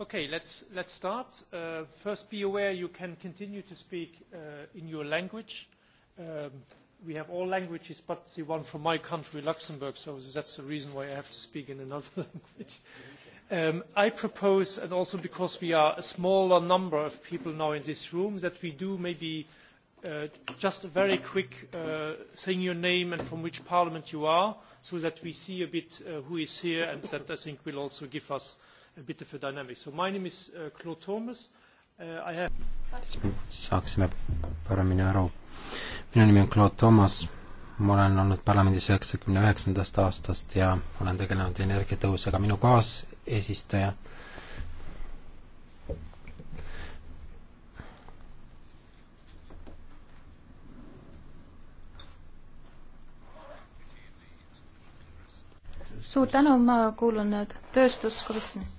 Okay, let's, let's start. Uh, first, be aware you can continue to speak uh, in your language. Um, we have all languages but the one from my country, Luxembourg, so that's the reason why I have to speak in another language. Um, I propose, and also because we are a smaller number of people now in this room, that we do maybe uh, just a very quick uh, saying your name and from which parliament you are, so that we see a bit uh, who is here, and that I think will also give us uh, bitte für Dynamics. So my name is uh, Claude Thomas uh,. I have. saaksime paremini aru. minu nimi on Claude Thomas. ma olen olnud parlamendis üheksakümne üheksandast aastast ja olen tegelenud energiatõusega. minu kaasesistaja suur tänu, ma kuulun nüüd tööstuskomisjoni.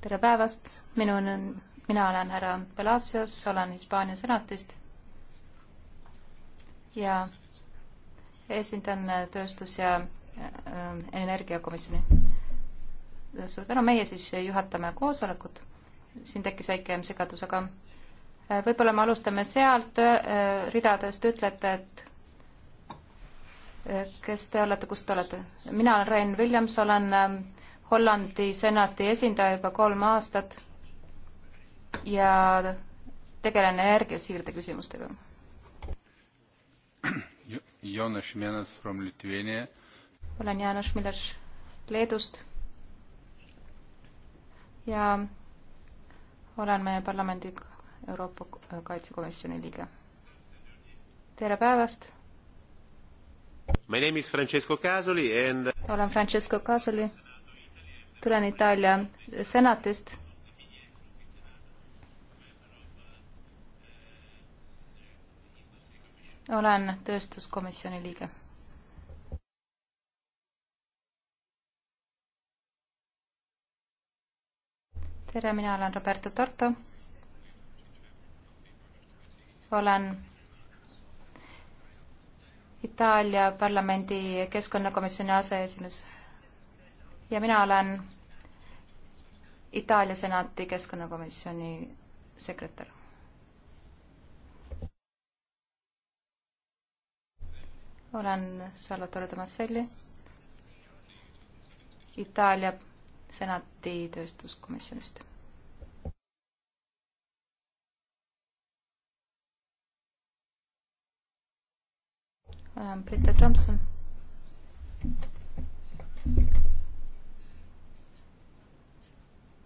tere päevast, minu, mina olen härra Palacios, olen Hispaania senatist ja esindan tööstus- ja äh, energiakomisjoni. suur tänu, meie siis juhatame koosolekut. siin tekkis väike segadus, aga äh, võib-olla me alustame sealt äh, ridadest, ütlete, et kes te olete, kus te olete? mina olen Rein Williams, olen Hollandi senati esindaja juba kolm aastat ja tegelen energiasiirde küsimustega. Jonas Minas from Lithuania. olen Janos Milas Leedust ja olen meie parlamendi Euroopa Kaitsekomisjoni liige. tere päevast! My name is Francesco Casoli and olen Francesco Casoli tulen Itaalia senatist. olen tööstuskomisjoni liige. tere, mina olen Roberto Torto. olen Itaalia parlamendi keskkonnakomisjoni aseesimees ja mina olen Itaalia senati keskkonnakomisjoni sekretär. olen Salvatore Tomaselli, Itaalia senati tööstuskomisjonist olen Brita Tromson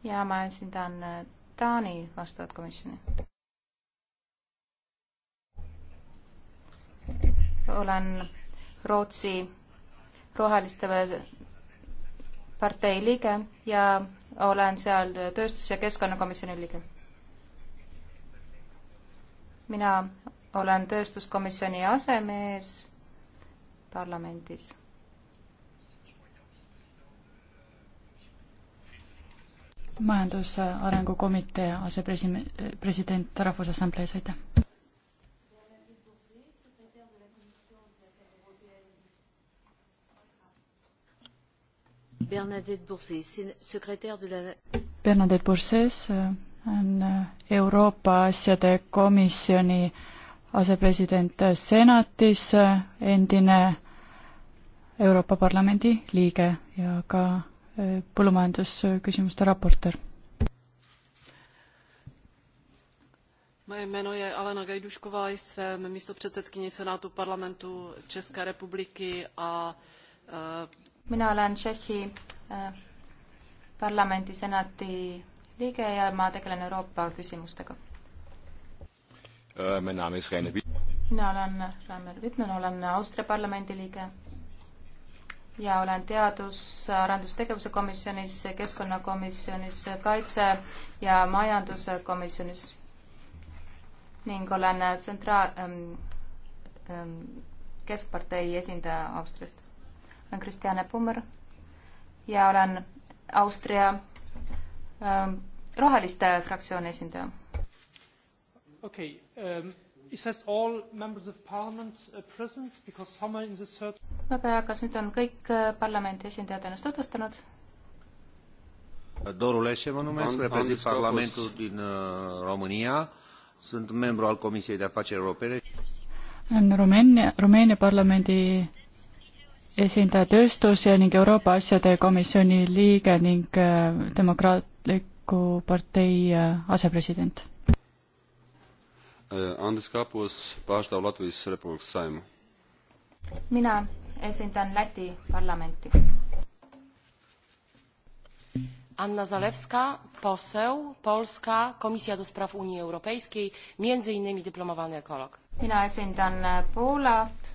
ja ma esindan äh, Taani vastavat komisjoni. olen Rootsi Roheliste partei liige ja olen seal tööstus- ja keskkonnakomisjoni liige. mina olen tööstuskomisjoni asemees parlamendis majandusarengu komitee asepresident, president Rahvusassamblees, aitäh! Bernadette Bourses on Euroopa asjade komisjoni asepresident senatis, endine Euroopa Parlamendi liige ja ka põllumajandusküsimuste raportöör. Moje jméno je Alena Gajdušková, jsem místopředsedkyně Senátu parlamentu České republiky a e, mina olen Tšehhi e, parlamendi senati liige ja ma tegelen Euroopa küsimustega. E, mina olen Rainer Vitmen, olen Austria parlamendi liige ja olen teadus- ja arendustegevuse komisjonis, keskkonnakomisjonis, kaitse- ja majanduse komisjonis ning olen tsentraal- ähm,, ähm, keskpartei esindaja Austriast. olen Kristjane Pummer ja olen Austria ähm, roheliste fraktsiooni esindaja. okei okay, um... Ähm Is that all members of parliament uh, present because somewhere in the third väga hea, kas nüüd on kõik uh, parlamendi esindajad ennast tutvustanud? Doru Leșe mă numesc, reprezint Parlamentul din uh, România, sunt membru al Comisiei de Afaceri Europene. Olen Rumeenia, Rumeenia parlamendi esindaja tööstus ja ning Euroopa asjade komisjoni liige ning Demokraatliku partei asepresident Eh, Andres Kapus pārstāv Latvijas Republikas saimu. mina esindan Läti parlamenti. Anna Zalewska, poseł, Polska, Komisja do Spraw Unii Europejskiej, między innymi dyplomowany ekolog. Mina esindan Poolat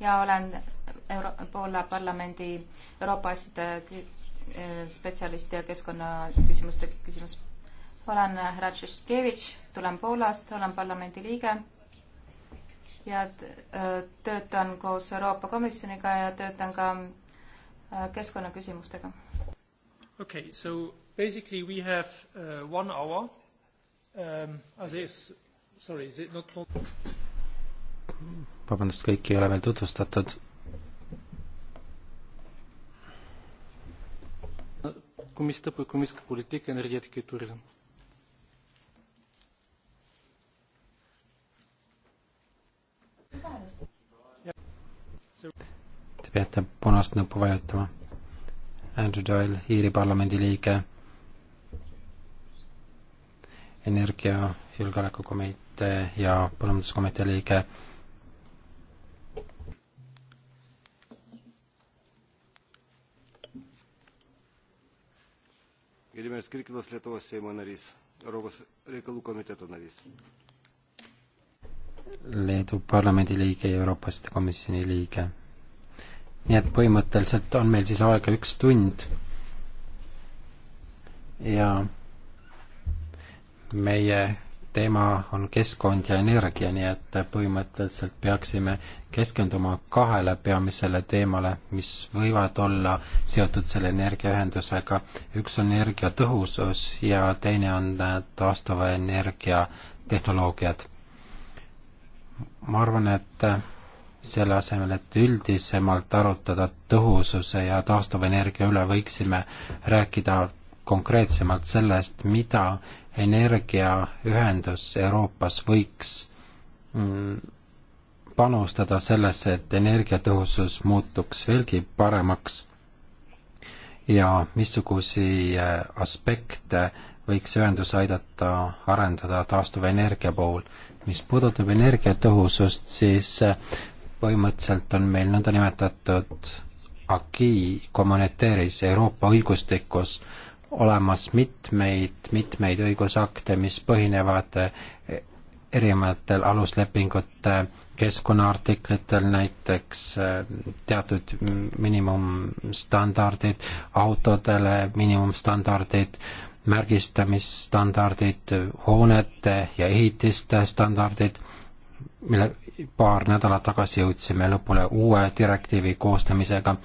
ja olen Euro Poola parlamendi Euroopa asjade e, spetsialist ja keskkonnaküsimuste küsimus olen härra Tšestkevitš, tulen Poolast, olen parlamendi liige ja äh, töötan koos Euroopa Komisjoniga ja töötan ka äh, keskkonnaküsimustega. Okay, so basically we have uh, one hour um,. as is, sorry, is it not long? vabandust, kõiki ei ole veel tutvustatud. Комисията по економическа политика, енергетика и туризъм. Te peate punast nuppu vajutama. Andrew Doyle, Iiri parlamendi liige, energiajulgeolekukomitee ja põllumajanduskomitee liige. gerbiamas kirkilas lietuvos seimo narys europos reikalų komiteto narys Leedu parlamendi liige ja Euroopa Liidu Komisjoni liige. nii et põhimõtteliselt on meil siis aega üks tund ja meie teema on keskkond ja energia, nii et põhimõtteliselt peaksime keskenduma kahele peamisele teemale, mis võivad olla seotud selle energiaühendusega. üks on energiatõhusus ja teine on taastuva energia tehnoloogiad ma arvan, et äh, selle asemel, et üldisemalt arutada tõhususe ja taastuvenergia üle, võiksime rääkida konkreetsemalt sellest, mida energiaühendus Euroopas võiks mm, panustada sellesse, et energiatõhusus muutuks veelgi paremaks ja missugusi äh, aspekte võiks ühendus aidata arendada taastuvenergia puhul mis puudutab energiatõhusust, siis äh, põhimõtteliselt on meil nõndanimetatud AKI kommuniteeris Euroopa õigustikus olemas mitmeid, mitmeid õigusakte, mis põhinevad äh, erinevatel aluslepingute keskkonnaartiklitel, näiteks äh, teatud miinimumstandardid autodele, miinimumstandardid äh, märgistamisstandardid, hoonete ja ehitiste standardid, mille paar nädalat tagasi jõudsime lõpule uue direktiivi koostamisega.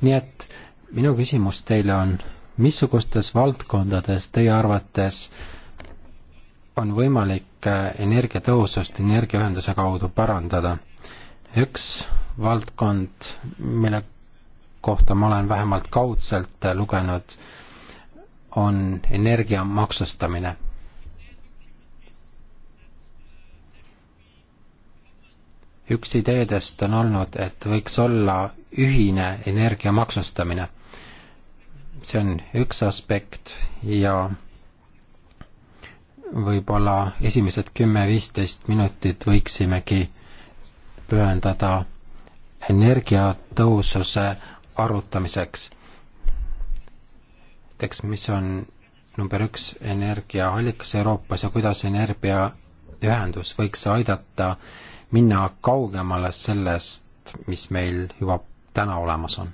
nii et minu küsimus teile on, missugustes valdkondades teie arvates on võimalik energiatõhusust energiaühenduse kaudu parandada? üks valdkond, mille kohta ma olen vähemalt kaudselt lugenud, on energia maksustamine. üks ideedest on olnud, et võiks olla ühine energia maksustamine. see on üks aspekt ja võib-olla esimesed kümme-viisteist minutit võiksimegi pühendada energiatõhususe arutamiseks näiteks, mis on number üks energiaallikas Euroopas ja kuidas energiaühendus võiks aidata minna kaugemale sellest, mis meil juba täna olemas on.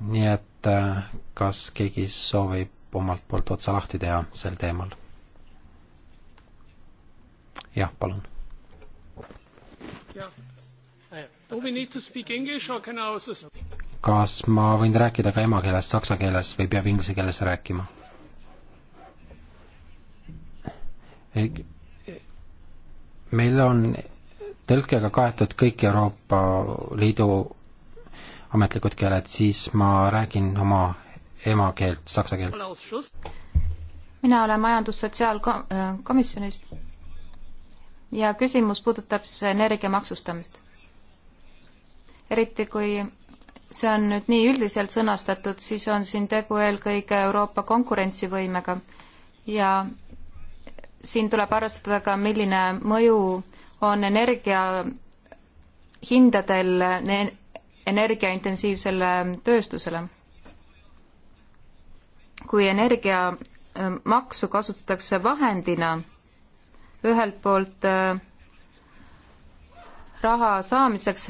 nii et äh, kas keegi soovib omalt poolt otsa lahti teha sel teemal? jah, palun. jah. Do we need to speak English or can I also speak? kas ma võin rääkida ka emakeeles, saksa keeles või peab inglise keeles rääkima? meil on tõlkega kaetud kõik Euroopa Liidu ametlikud keeled, siis ma räägin oma emakeelt, saksa keelt. mina olen majandus-sotsiaalkomisjonist ja küsimus puudutab siis energia maksustamist. eriti kui see on nüüd nii üldiselt sõnastatud, siis on siin tegu eelkõige Euroopa konkurentsivõimega ja siin tuleb arvestada ka, milline mõju on energia hindadel energiaintensiivsele tööstusele. kui energiamaksu äh, kasutatakse vahendina ühelt poolt äh, raha saamiseks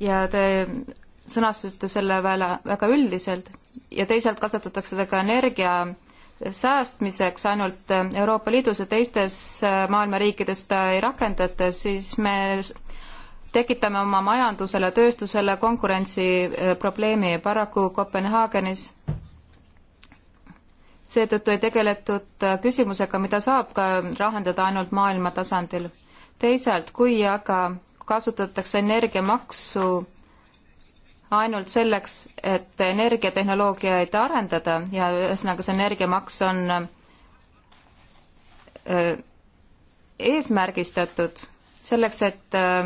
ja te sõnastasite selle väle väga üldiselt ja teisalt kasutatakse seda ka energia säästmiseks ainult Euroopa Liidus ja teistes äh, maailma riikides ta ei rakendata, siis me tekitame oma majandusele, tööstusele konkurentsiprobleemi äh, paraku Kopenhaagenis. seetõttu ei tegeletud äh, küsimusega, mida saab ka lahendada ainult maailma tasandil. teisalt, kui aga kasutatakse energiamaksu ainult selleks, et energiatehnoloogiaid arendada ja ühesõnaga see energiamaks on äh, eesmärgistatud selleks, et äh,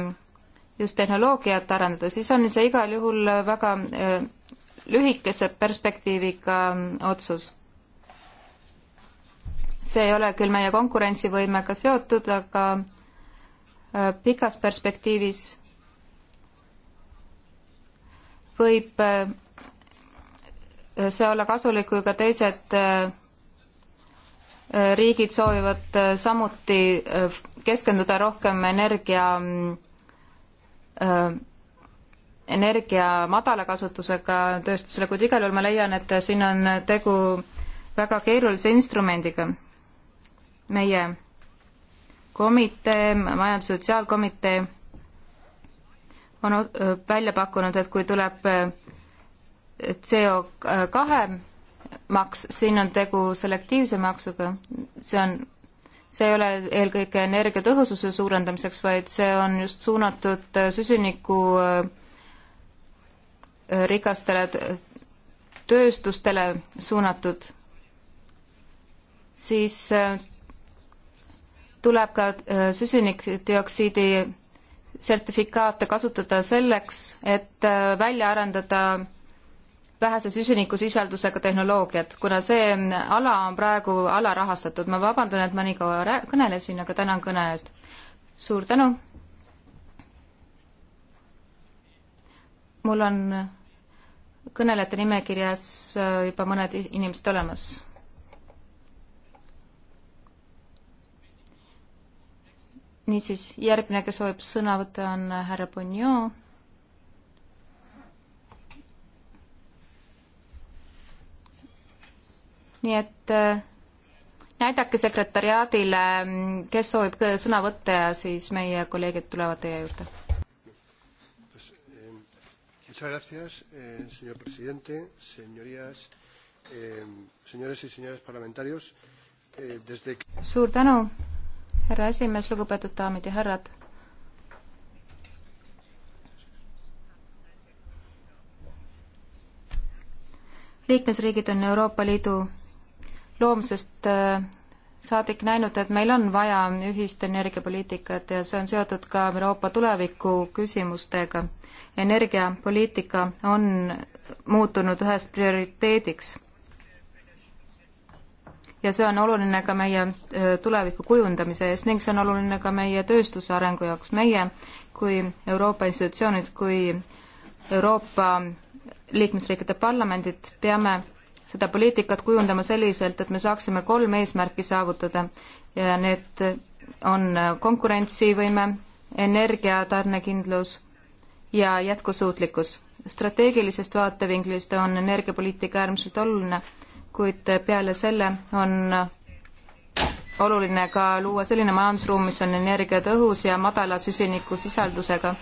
just tehnoloogiat arendada, siis on see igal juhul väga äh, lühikese perspektiiviga mm, otsus. see ei ole küll meie konkurentsivõimega seotud, aga pikas perspektiivis võib äh, see olla kasulik, kui ka teised äh, riigid soovivad äh, samuti keskenduda rohkem energia, energia madala kasutusega tööstusele, kuid igal juhul ma leian, et siin on tegu väga keerulise instrumendiga. meie komitee, majandus- ja sotsiaalkomitee on välja pakkunud, et kui tuleb CO2 maks, siin on tegu selektiivse maksuga, see on, see ei ole eelkõige energiatõhususe suurendamiseks, vaid see on just suunatud süsiniku rikastele tööstustele suunatud, siis tuleb ka süsinikdioksiidi sertifikaate kasutada selleks, et äh, välja arendada vähese süsinikusisaldusega tehnoloogiat, kuna see mm, ala on praegu alarahastatud. ma vabandan, et ma nii kaua kõnelesin, aga tänan kõne eest. suur tänu. mul on kõnelejate nimekirjas äh, juba mõned inimesed olemas niisiis, järgmine, kes soovib sõna võtta, on härra Bonneau. nii et äh, näidake sekretäriaadile, kes soovib sõna võtta ja siis meie kolleegid tulevad teie juurde. Eh, muchas gracias, eh, señor presidente, señorías, eh, señores y señores parlamentarios. Eh, desde... Suur tänu, härra esimees, lugupeetud daamid ja härrad. liikmesriigid on Euroopa Liidu loomsest äh, saadik näinud, et meil on vaja ühist energiapoliitikat ja see on seotud ka Euroopa tuleviku küsimustega. energiapoliitika on muutunud ühest prioriteediks ja see on oluline ka meie äh, tuleviku kujundamise eest ning see on oluline ka meie tööstuse arengu jaoks. meie kui Euroopa institutsioonid, kui Euroopa liikmesriikide parlamendid peame seda poliitikat kujundama selliselt, et me saaksime kolm eesmärki saavutada ja need on konkurentsivõime, energiatarnekindlus ja jätkusuutlikkus. strateegilisest vaatevinklist on energiapoliitika äärmiselt oluline kuid peale selle on oluline ka luua selline majandusruum, mis on energiatõhus ja madala süsinikusisaldusega.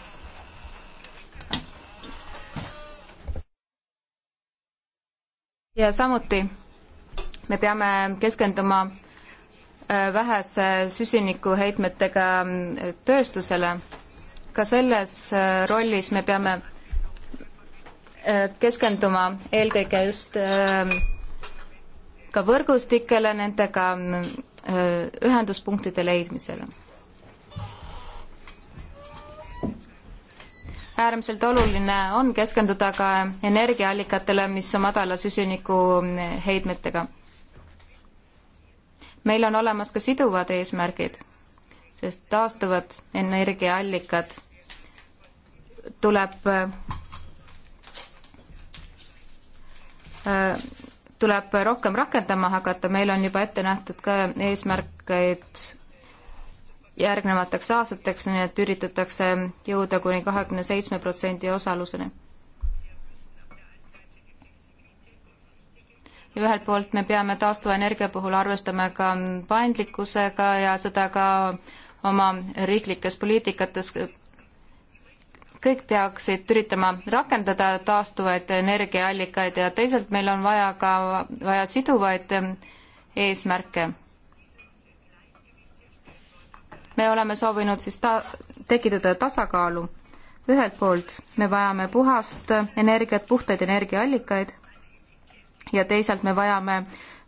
ja samuti me peame keskenduma äh, vähese süsinikuheitmetega äh, tööstusele. ka selles äh, rollis me peame keskenduma eelkõige just ka võrgustikele, nendega äh, ühenduspunktide leidmisele. äärmiselt oluline on keskenduda ka energiaallikatele, mis on madala süsinikuheidmetega. Äh, meil on olemas ka siduvad eesmärgid, sest taastuvad energiaallikad tuleb äh, tuleb rohkem rakendama hakata, meil on juba ette nähtud ka eesmärkeid järgnevateks aastateks, nii et üritatakse jõuda kuni kahekümne seitsme protsendi osaluseni. ja ühelt poolt me peame taastuvenergia puhul arvestama ka paindlikkusega ja seda ka oma riiklikes poliitikates kõik peaksid üritama rakendada taastuvaid energiaallikaid ja teisalt meil on vaja ka, vaja siduvaid eesmärke. me oleme soovinud siis ta-, tekitada tasakaalu. ühelt poolt me vajame puhast energiat, puhtaid energiaallikaid ja teisalt me vajame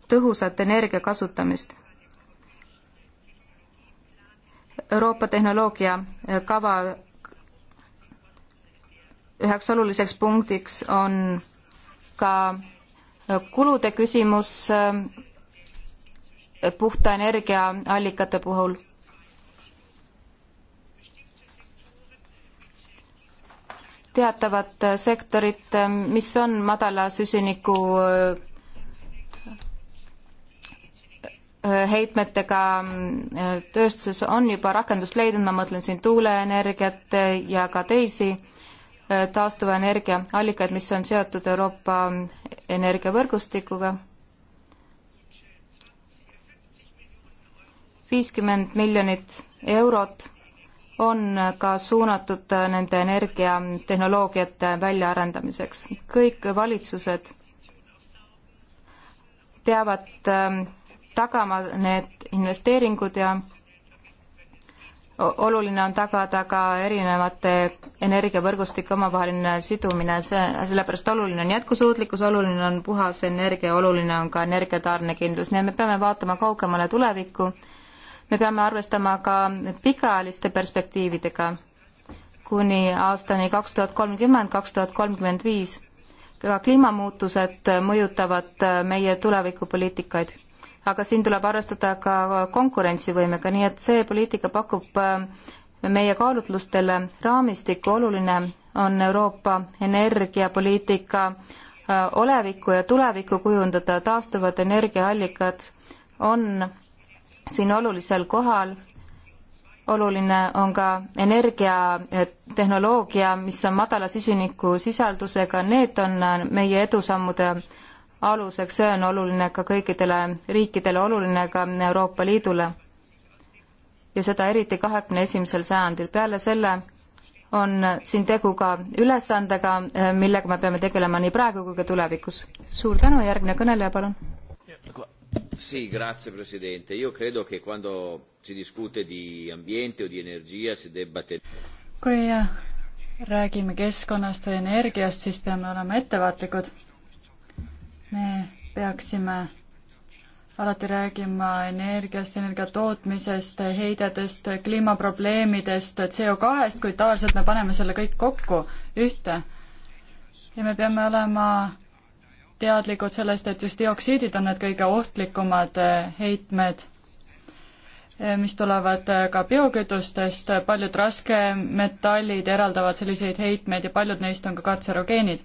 tõhusat energia kasutamist Euroopa tehnoloogia kava üheks oluliseks punktiks on ka kulude küsimus äh, puhta energiaallikate puhul. teatavad äh, sektorid, äh, mis on madala süsiniku heitmetega tööstuses, on juba rakendust leidnud, ma mõtlen siin tuuleenergiat ja ka teisi taastuva energia allikaid, mis on seotud Euroopa energiavõrgustikuga. viiskümmend miljonit eurot on ka suunatud nende energiatehnoloogiate väljaarendamiseks. kõik valitsused peavad ähm, tagama need investeeringud ja oluline on tagada ka erinevate energiavõrgustike omavaheline sidumine, see, sellepärast oluline on jätkusuutlikkus, oluline on puhas energia, oluline on ka energiatarnekindlus, nii et me peame vaatama kaugemale tulevikku, me peame arvestama ka pikaajaliste perspektiividega kuni aastani kaks tuhat kolmkümmend, kaks tuhat kolmkümmend viis. ka kliimamuutused mõjutavad meie tulevikupoliitikaid aga siin tuleb arvestada ka konkurentsivõimega, nii et see poliitika pakub äh, meie kaalutlustele raamistikku, oluline on Euroopa energiapoliitika äh, olevikku ja tulevikku kujundada, taastuvad energiaallikad on siin olulisel kohal, oluline on ka energiatehnoloogia, äh, mis on madala süsinikusisaldusega, need on meie edusammude aluseks, see on oluline ka kõikidele riikidele, oluline ka Euroopa Liidule. ja seda eriti kahekümne esimesel sajandil. peale selle on siin tegu ka ülesandega, eh, millega me peame tegelema nii praegu kui ka tulevikus. suur tänu, järgmine kõneleja, palun. Sì, grazie Presidente. Io credo che quando si discute di ambiente o di energia si debba tenere. Kui eh, räägime keskkonnast ja energiast, siis peame olema ettevaatlikud me peaksime alati räägima energiast, energia tootmisest, heidedest, kliimaprobleemidest, CO2-st, kuid tavaliselt me paneme selle kõik kokku ühte. ja me peame olema teadlikud sellest, et just dioksiidid on need kõige ohtlikumad heitmed, mis tulevad ka biokütustest, paljud raskemetallid eraldavad selliseid heitmeid ja paljud neist on ka kartserogeenid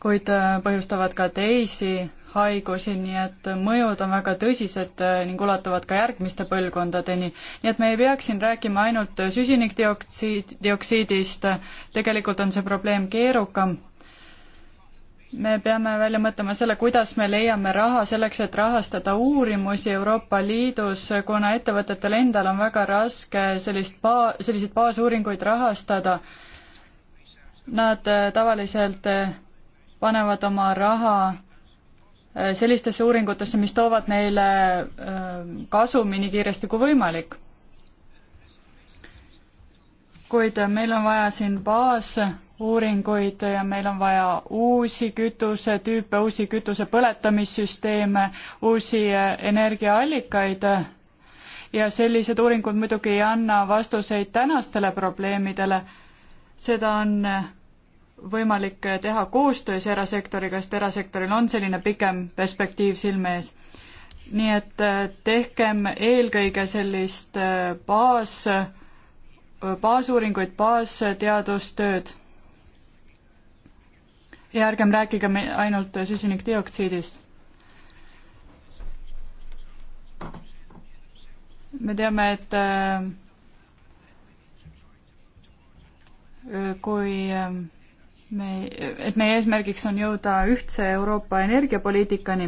kuid äh, põhjustavad ka teisi haigusi, nii et mõjud on väga tõsised äh, ning ulatuvad ka järgmiste põlvkondadeni. nii et me ei peaks siin rääkima ainult süsinikdioksiid, dioksiidist, tegelikult on see probleem keerukam. me peame välja mõtlema selle, kuidas me leiame raha selleks, et rahastada uurimusi Euroopa Liidus, kuna ettevõtetel endal on väga raske sellist baa-, selliseid baasuuringuid rahastada. Nad äh, tavaliselt panevad oma raha äh, sellistesse uuringutesse, mis toovad neile äh, kasumi nii kiiresti kui võimalik. kuid äh, meil on vaja siin baasuuringuid ja meil on vaja uusi kütusetüüpe, uusi kütuse põletamissüsteeme, uusi energiaallikaid ja sellised uuringud muidugi ei anna vastuseid tänastele probleemidele, seda on võimalik teha koostöös erasektoriga, sest erasektoril on selline pikem perspektiiv silme ees. nii et äh, tehkem eelkõige sellist äh, baas, äh, baasuuringuid, baasteadustööd. ja ärgem rääkige ainult süsinikdioksiidist. me teame, et kui me, et meie eesmärgiks on jõuda ühtse Euroopa energiapoliitikani.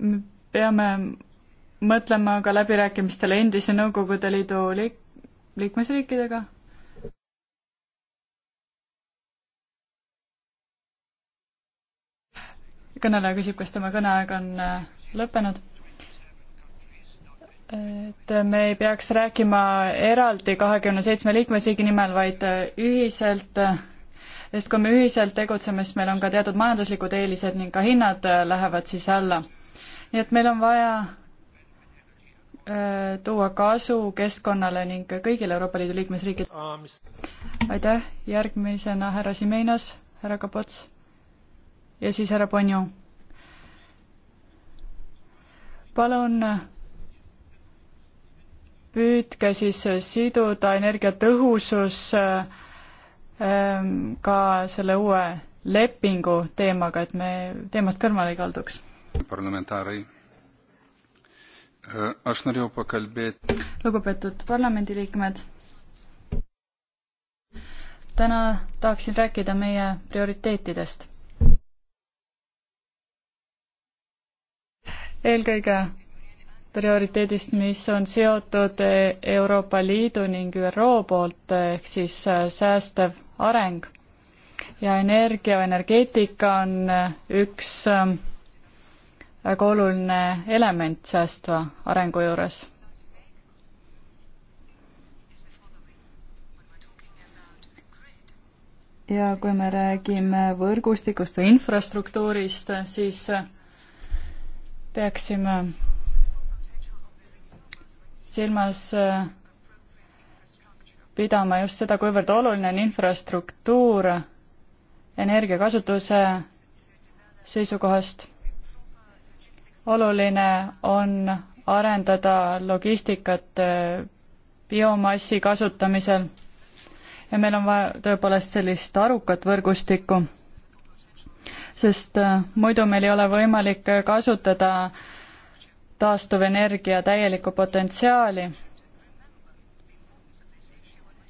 me peame mõtlema ka läbirääkimistele endise Nõukogude Liidu liik-, liikmesriikidega kõneleja küsib, kas tema kõneaeg on äh, lõppenud et me ei peaks rääkima eraldi kahekümne seitsme liikmesriigi nimel, vaid äh, ühiselt, äh, sest kui me ühiselt tegutseme, siis meil on ka teatud majanduslikud eelised ning ka hinnad äh, lähevad siis alla. nii et meil on vaja tuua kasu keskkonnale ning kõigile Euroopa Liidu liikmesriikidele. aitäh, järgmisena härra Simeinos, härra Kapots ja siis härra Ponju. palun püüdke siis siduda energiatõhusus ähm, ka selle uue lepingu teemaga, et me teemast kõrvale ei kalduks. Äh, lugupeetud parlamendiliikmed, täna tahaksin rääkida meie prioriteetidest. eelkõige prioriteedist, mis on seotud e-, Euroopa Liidu ning ÜRO poolt ehk siis äh, säästev areng. ja energia, energeetika on äh, üks ähm, väga oluline element säästva arengu juures. ja kui me räägime võrgustikust või infrastruktuurist, siis äh, peaksime silmas äh, pidama just seda, kuivõrd oluline on infrastruktuur energiakasutuse seisukohast. oluline on arendada logistikat äh, biomassi kasutamisel ja meil on vaja tõepoolest sellist arukat võrgustikku, sest äh, muidu meil ei ole võimalik kasutada taastuvenergia täielikku potentsiaali.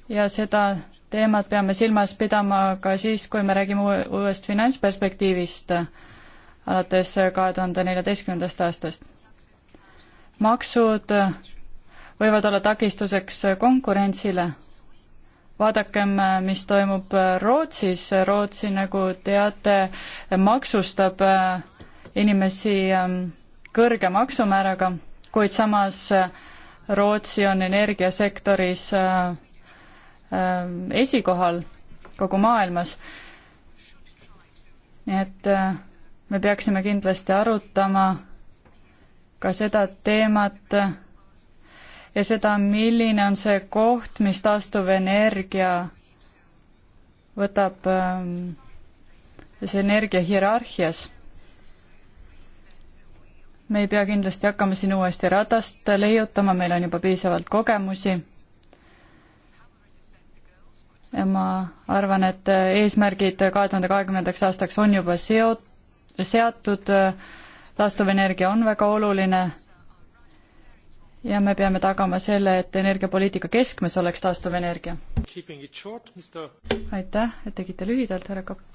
ja seda teemat peame silmas pidama ka siis, kui me räägime uuest finantsperspektiivist alates kahe tuhande neljateistkümnendast aastast. maksud võivad olla takistuseks konkurentsile. vaadakem, mis toimub Rootsis. Rootsi, nagu teate, maksustab inimesi ähm, kõrge maksumääraga, kuid samas äh, Rootsi on energiasektoris äh, äh, esikohal kogu maailmas. nii et me peaksime kindlasti arutama ka seda teemat ja seda, milline on see koht, mis taastuvenergia võtab, ähm, see energia hierarhias me ei pea kindlasti hakkama siin uuesti ratast leiutama, meil on juba piisavalt kogemusi. ja ma arvan, et eesmärgid kahe tuhande kahekümnendaks aastaks on juba seo-, seatud, taastuvenergia on väga oluline ja me peame tagama selle, et energiapoliitika keskmes oleks taastuvenergia. aitäh, et tegite lühidalt, härra Kap-,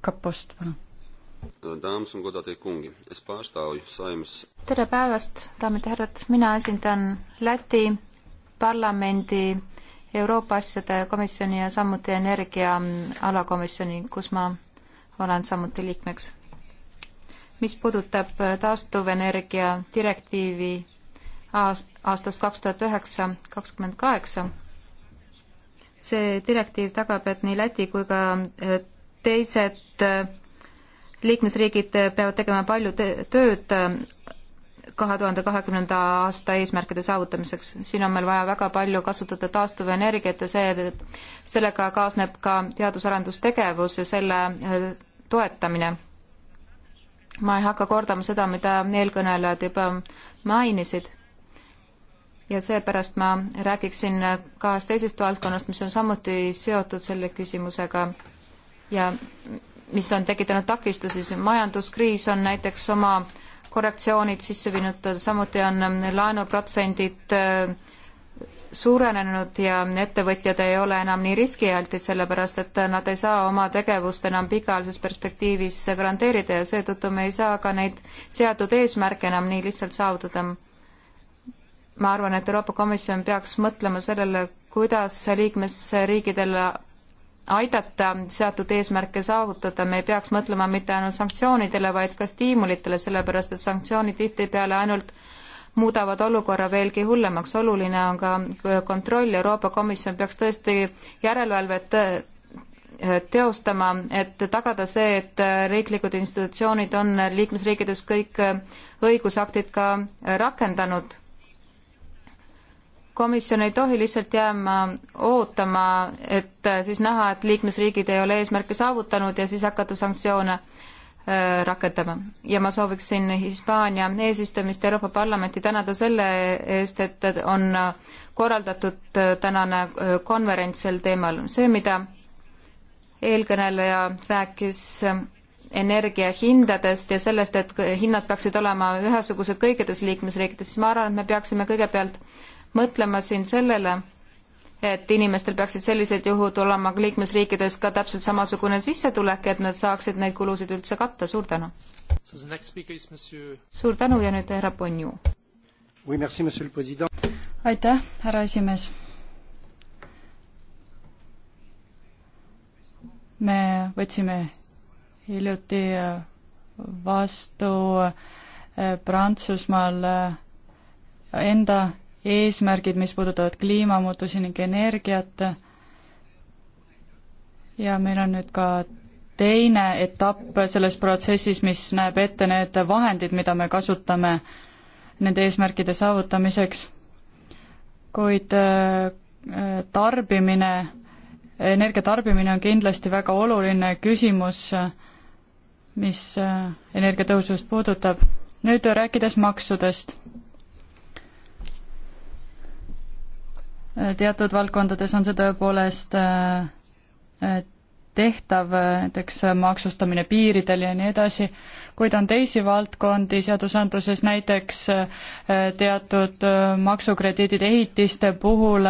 Kapost, palun tere päevast, daamid ja härrad, mina esindan Läti parlamendi Euroopa asjade komisjoni ja samuti energia alakomisjoni, kus ma olen samuti liikmeks. mis puudutab taastuvenergia direktiivi aastast kaks tuhat üheksa, kakskümmend kaheksa, see direktiiv tagab, et nii Läti kui ka eh, teised eh, liikmesriigid peavad tegema palju tööd äh, kahe tuhande kahekümnenda aasta eesmärkide saavutamiseks. siin on meil vaja väga palju kasutada taastuvenergiat ja see, sellega kaasneb ka teadus-arendustegevus ja selle äh, toetamine. ma ei hakka kordama seda, mida eelkõnelejad juba mainisid. ja seepärast ma räägiksin kahest teisest valdkonnast, mis on samuti seotud selle küsimusega ja mis on tekitanud takistusi, see majanduskriis on näiteks oma korrektsioonid sisse viinud, samuti on laenuprotsendid äh, suurenenud ja ettevõtjad ei ole enam nii riskialtid, sellepärast et nad ei saa oma tegevust enam pikaajalises perspektiivis garanteerida ja seetõttu me ei saa ka neid seatud eesmärke enam nii lihtsalt saavutada. ma arvan, et Euroopa Komisjon peaks mõtlema sellele, kuidas liikmesriigidele aidata seatud eesmärke saavutada, me ei peaks mõtlema mitte ainult sanktsioonidele, vaid ka stiimulitele, sellepärast et sanktsioonid tihtipeale ainult muudavad olukorra veelgi hullemaks. oluline on ka kontroll, Euroopa Komisjon peaks tõesti järelevalvet eh, teostama, et tagada see, et riiklikud institutsioonid on liikmesriikides kõik õigusaktid ka rakendanud komisjon ei tohi lihtsalt jääma ootama, et äh, siis näha, et liikmesriigid ei ole eesmärke saavutanud ja siis hakata sanktsioone äh, rakendama. ja ma sooviksin Hispaania eesistumist Euroopa Parlamenti tänada selle eest, et on korraldatud äh, tänane konverents sel teemal. see, mida eelkõneleja rääkis energiahindadest ja sellest, et hinnad peaksid olema ühesugused kõikides liikmesriikides, siis ma arvan, et me peaksime kõigepealt äh, mõtlema siin sellele, et inimestel peaksid sellised juhud olema liikmesriikides ka täpselt samasugune sissetulek, et nad saaksid neid kulusid üldse katta, suur tänu. Monsieur... suur tänu ja nüüd härra Bonju oui,. aitäh, härra esimees. me võtsime hiljuti vastu äh, Prantsusmaal äh, enda eesmärgid, mis puudutavad kliimamuutusi ning energiat. ja meil on nüüd ka teine etapp selles protsessis, mis näeb ette need vahendid, mida me kasutame nende eesmärkide saavutamiseks. kuid äh, tarbimine, energia tarbimine on kindlasti väga oluline küsimus, mis äh, energiatõhusust puudutab. nüüd rääkides maksudest teatud valdkondades on see tõepoolest äh, äh, tehtav, näiteks maksustamine piiridel ja nii edasi, kuid on teisi valdkondi seadusandluses, näiteks äh, teatud maksukrediidid ehitiste puhul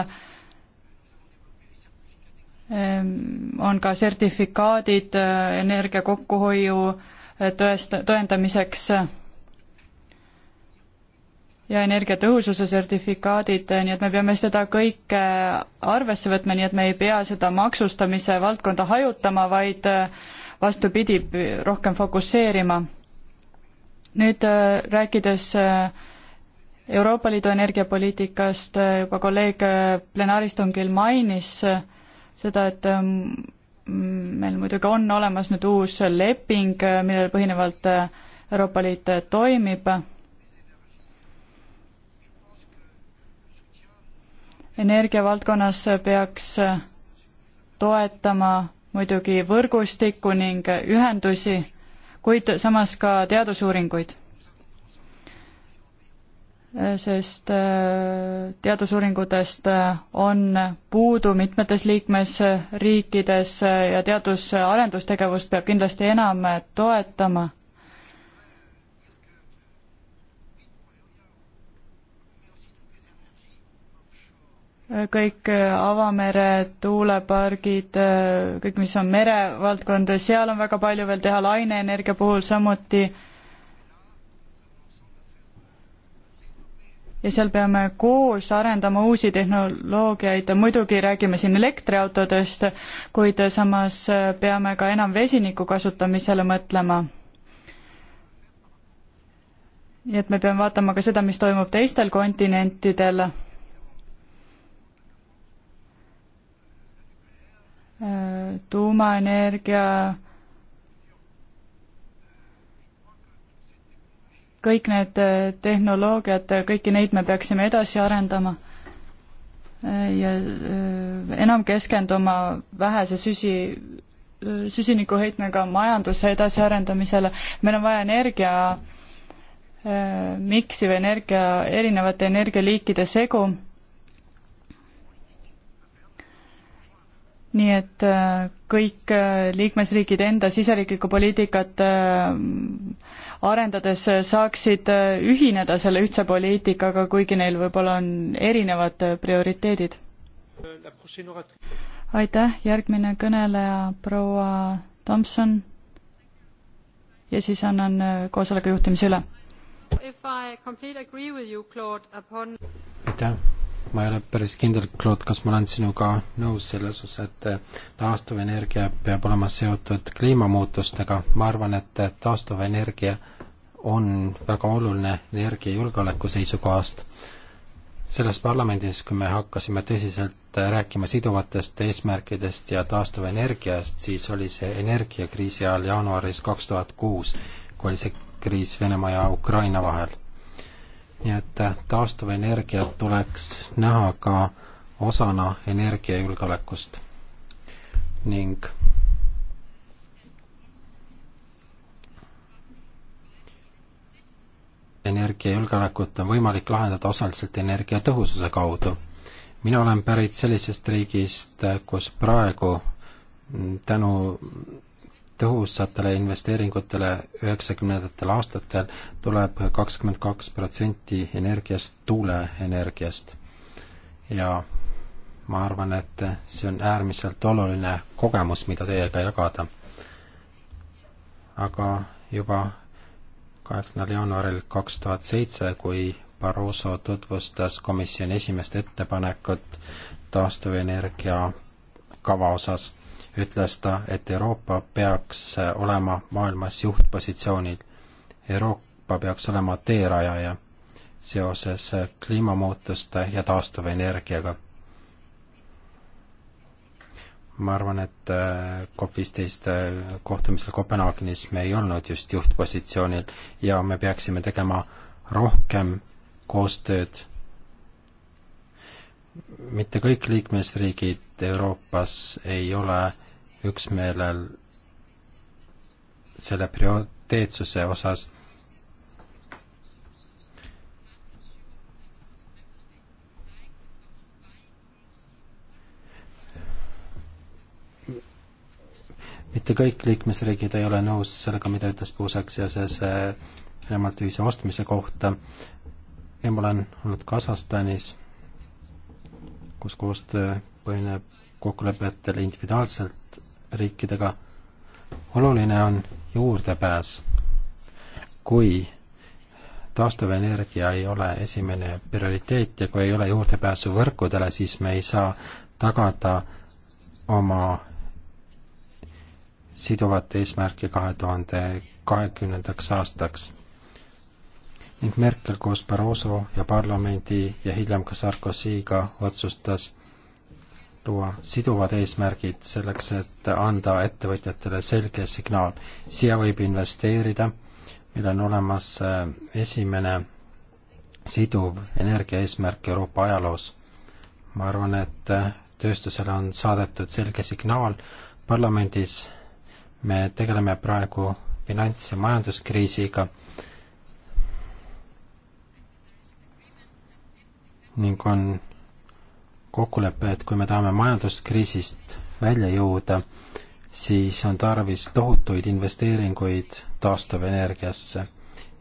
ähm, on ka sertifikaadid energia kokkuhoiu tõest-, tõendamiseks ja energiatõhususe sertifikaadid, nii et me peame seda kõike arvesse võtma, nii et me ei pea seda maksustamise valdkonda hajutama, vaid vastupidi, rohkem fokusseerima. nüüd rääkides Euroopa Liidu energiapoliitikast, juba kolleeg plenaaristungil mainis seda, et mm, meil muidugi on olemas nüüd uus leping, millele põhinevalt Euroopa Liit toimib energiavaldkonnas peaks toetama muidugi võrgustikku ning ühendusi, kuid samas ka teadusuuringuid. sest äh, teadusuuringutest äh, on puudu mitmetes liikmesriikides äh, ja teadus- ja arendustegevust peab kindlasti enam toetama kõik äh, avamere tuulepargid, äh, kõik, mis on merevaldkond, seal on väga palju veel teha laineenergia puhul samuti. ja seal peame koos arendama uusi tehnoloogiaid, muidugi räägime siin elektriautodest, kuid samas äh, peame ka enam vesiniku kasutamisele mõtlema nii et me peame vaatama ka seda, mis toimub teistel kontinentidel tuumaenergia, kõik need äh, tehnoloogiad, kõiki neid me peaksime edasi arendama äh, ja äh, enam keskenduma vähese süsi, süsinikuheitmega majanduse edasiarendamisele, meil on vaja energia miksiv energia, erinevate energialiikide segu nii et äh, kõik äh, liikmesriigid enda siseriiklikku poliitikat äh, arendades saaksid ühineda selle ühtse poliitikaga, kuigi neil võib-olla on erinevad prioriteedid. aitäh, järgmine kõneleja, proua Tomson. ja siis annan koosoleku juhtimise üle. aitäh ma ei ole päris kindel, Claude, kas ma olen sinuga nõus selles osas, et taastuvenergia peab olema seotud kliimamuutustega, ma arvan, et taastuvenergia on väga oluline energiajulgeoleku seisukohast. selles parlamendis, kui me hakkasime tõsiselt rääkima siduvatest eesmärkidest ja taastuvenergiast, siis oli see energiakriisi ajal jaanuaris kaks tuhat kuus, kui oli see kriis Venemaa ja Ukraina vahel nii et taastuvenergiat tuleks näha ka osana energiajulgeolekust ning energiajulgeolekut on võimalik lahendada osaliselt energiatõhususe kaudu. mina olen pärit sellisest riigist, kus praegu tänu tõhusatele investeeringutele üheksakümnendatel aastatel tuleb kakskümmend kaks protsenti energiast tuuleenergiast. ja ma arvan, et see on äärmiselt oluline kogemus, mida teiega jagada. aga juba kaheksandal jaanuaril kaks tuhat seitse, kui Barroso tutvustas komisjoni esimest ettepanekut taastuvenergia kava osas, ütles ta, et Euroopa peaks olema maailmas juhtpositsioonil. Euroopa peaks olema teerajaja seoses kliimamuutuste ja taastuvenergiaga. ma arvan, et äh, COP viisteist kohtumisel Kopenhaagenis me ei olnud just juhtpositsioonil ja me peaksime tegema rohkem koostööd mitte kõik liikmesriigid Euroopas ei ole üksmeelel selle prioriteetsuse osas mitte kõik liikmesriigid ei ole nõus sellega, mida ütles Puusek seoses Venemaalt eh, ühise ostmise kohta ja ma olen olnud Kasahstanis, kus koostöö põhineb kokkulepetel individuaalselt riikidega. oluline on juurdepääs. kui taastuvenergia ei ole esimene prioriteet ja kui ei ole juurdepääsu võrkudele, siis me ei saa tagada oma siduvat eesmärki kahe tuhande kahekümnendaks aastaks. ning Merkel koos Barroso ja parlamendi ja hiljem ka Sarkozyga otsustas luua siduvad eesmärgid selleks, et anda ettevõtjatele selge signaal. siia võib investeerida, meil on olemas äh, esimene siduv energiaeesmärk Euroopa ajaloos. ma arvan, et äh, tööstusele on saadetud selge signaal, parlamendis me tegeleme praegu finants- ja majanduskriisiga ning on kokkulepe, et kui me tahame majanduskriisist välja jõuda, siis on tarvis tohutuid investeeringuid taastuvenergiasse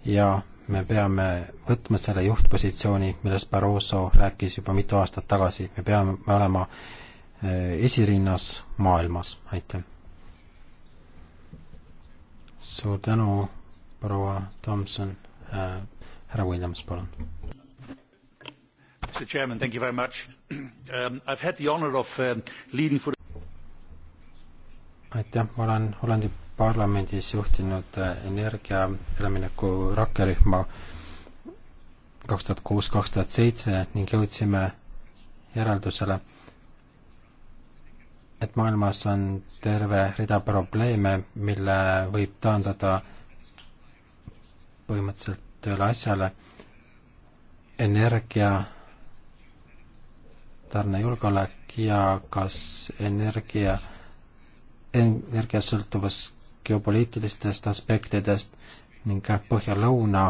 ja me peame võtma selle juhtpositsiooni, millest Barroso rääkis juba mitu aastat tagasi, me peame olema eh, esirinnas maailmas, aitäh. suur tänu, proua Tomson äh,, härra Williams, palun. Mr. Chairman, thank you very much um,. I have had the honor of um, leading for aitäh, ma olen Hollandi parlamendis juhtinud äh, energia ülemineku rakkerühma kaks tuhat kuus, kaks tuhat seitse ning jõudsime järeldusele, et maailmas on terve rida probleeme, mille võib taandada põhimõtteliselt ühele asjale, energia tarnejulgeolek ja kas energia, energia sõltuvus geopoliitilistest aspektidest ning põhja-lõuna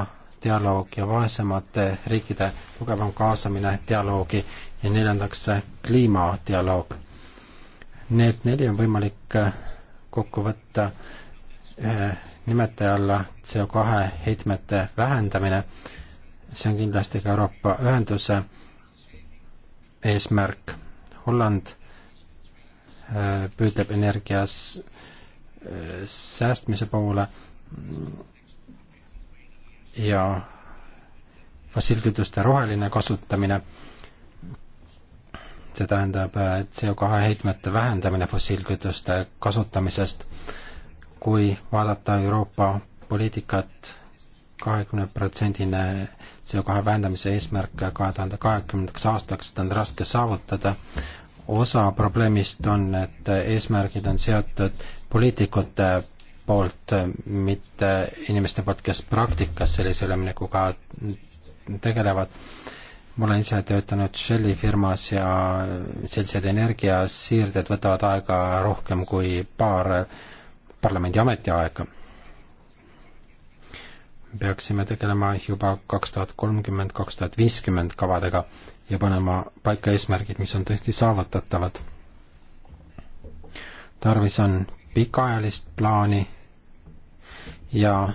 dialoog ja vaesemate riikide tugevam kaasamine dialoogi ja neljandaks kliimadialoog. Need neli on võimalik kokku võtta eh, nimetaja alla CO2 heitmete vähendamine, see on kindlasti ka Euroopa Ühenduse eesmärk. Holland äh, püüdleb energias äh, säästmise poole ja fossiilkütuste roheline kasutamine, see tähendab äh, CO2 heitmete vähendamine fossiilkütuste kasutamisest. kui vaadata Euroopa poliitikat, kahekümne protsendine CO2 vähendamise eesmärke kahe tuhande kahekümnendaks aastaks, seda on raske saavutada. osa probleemist on, et eesmärgid on seotud poliitikute poolt, mitte inimeste poolt, kes praktikas sellise üleminekuga tegelevad. ma olen ise töötanud Shelli firmas ja sellised energiasiirded võtavad aega rohkem kui paar parlamendi ametiaega peaksime tegelema juba kaks tuhat kolmkümmend, kaks tuhat viiskümmend kavadega ja panema paika eesmärgid, mis on tõesti saavutatavad. tarvis on pikaajalist plaani ja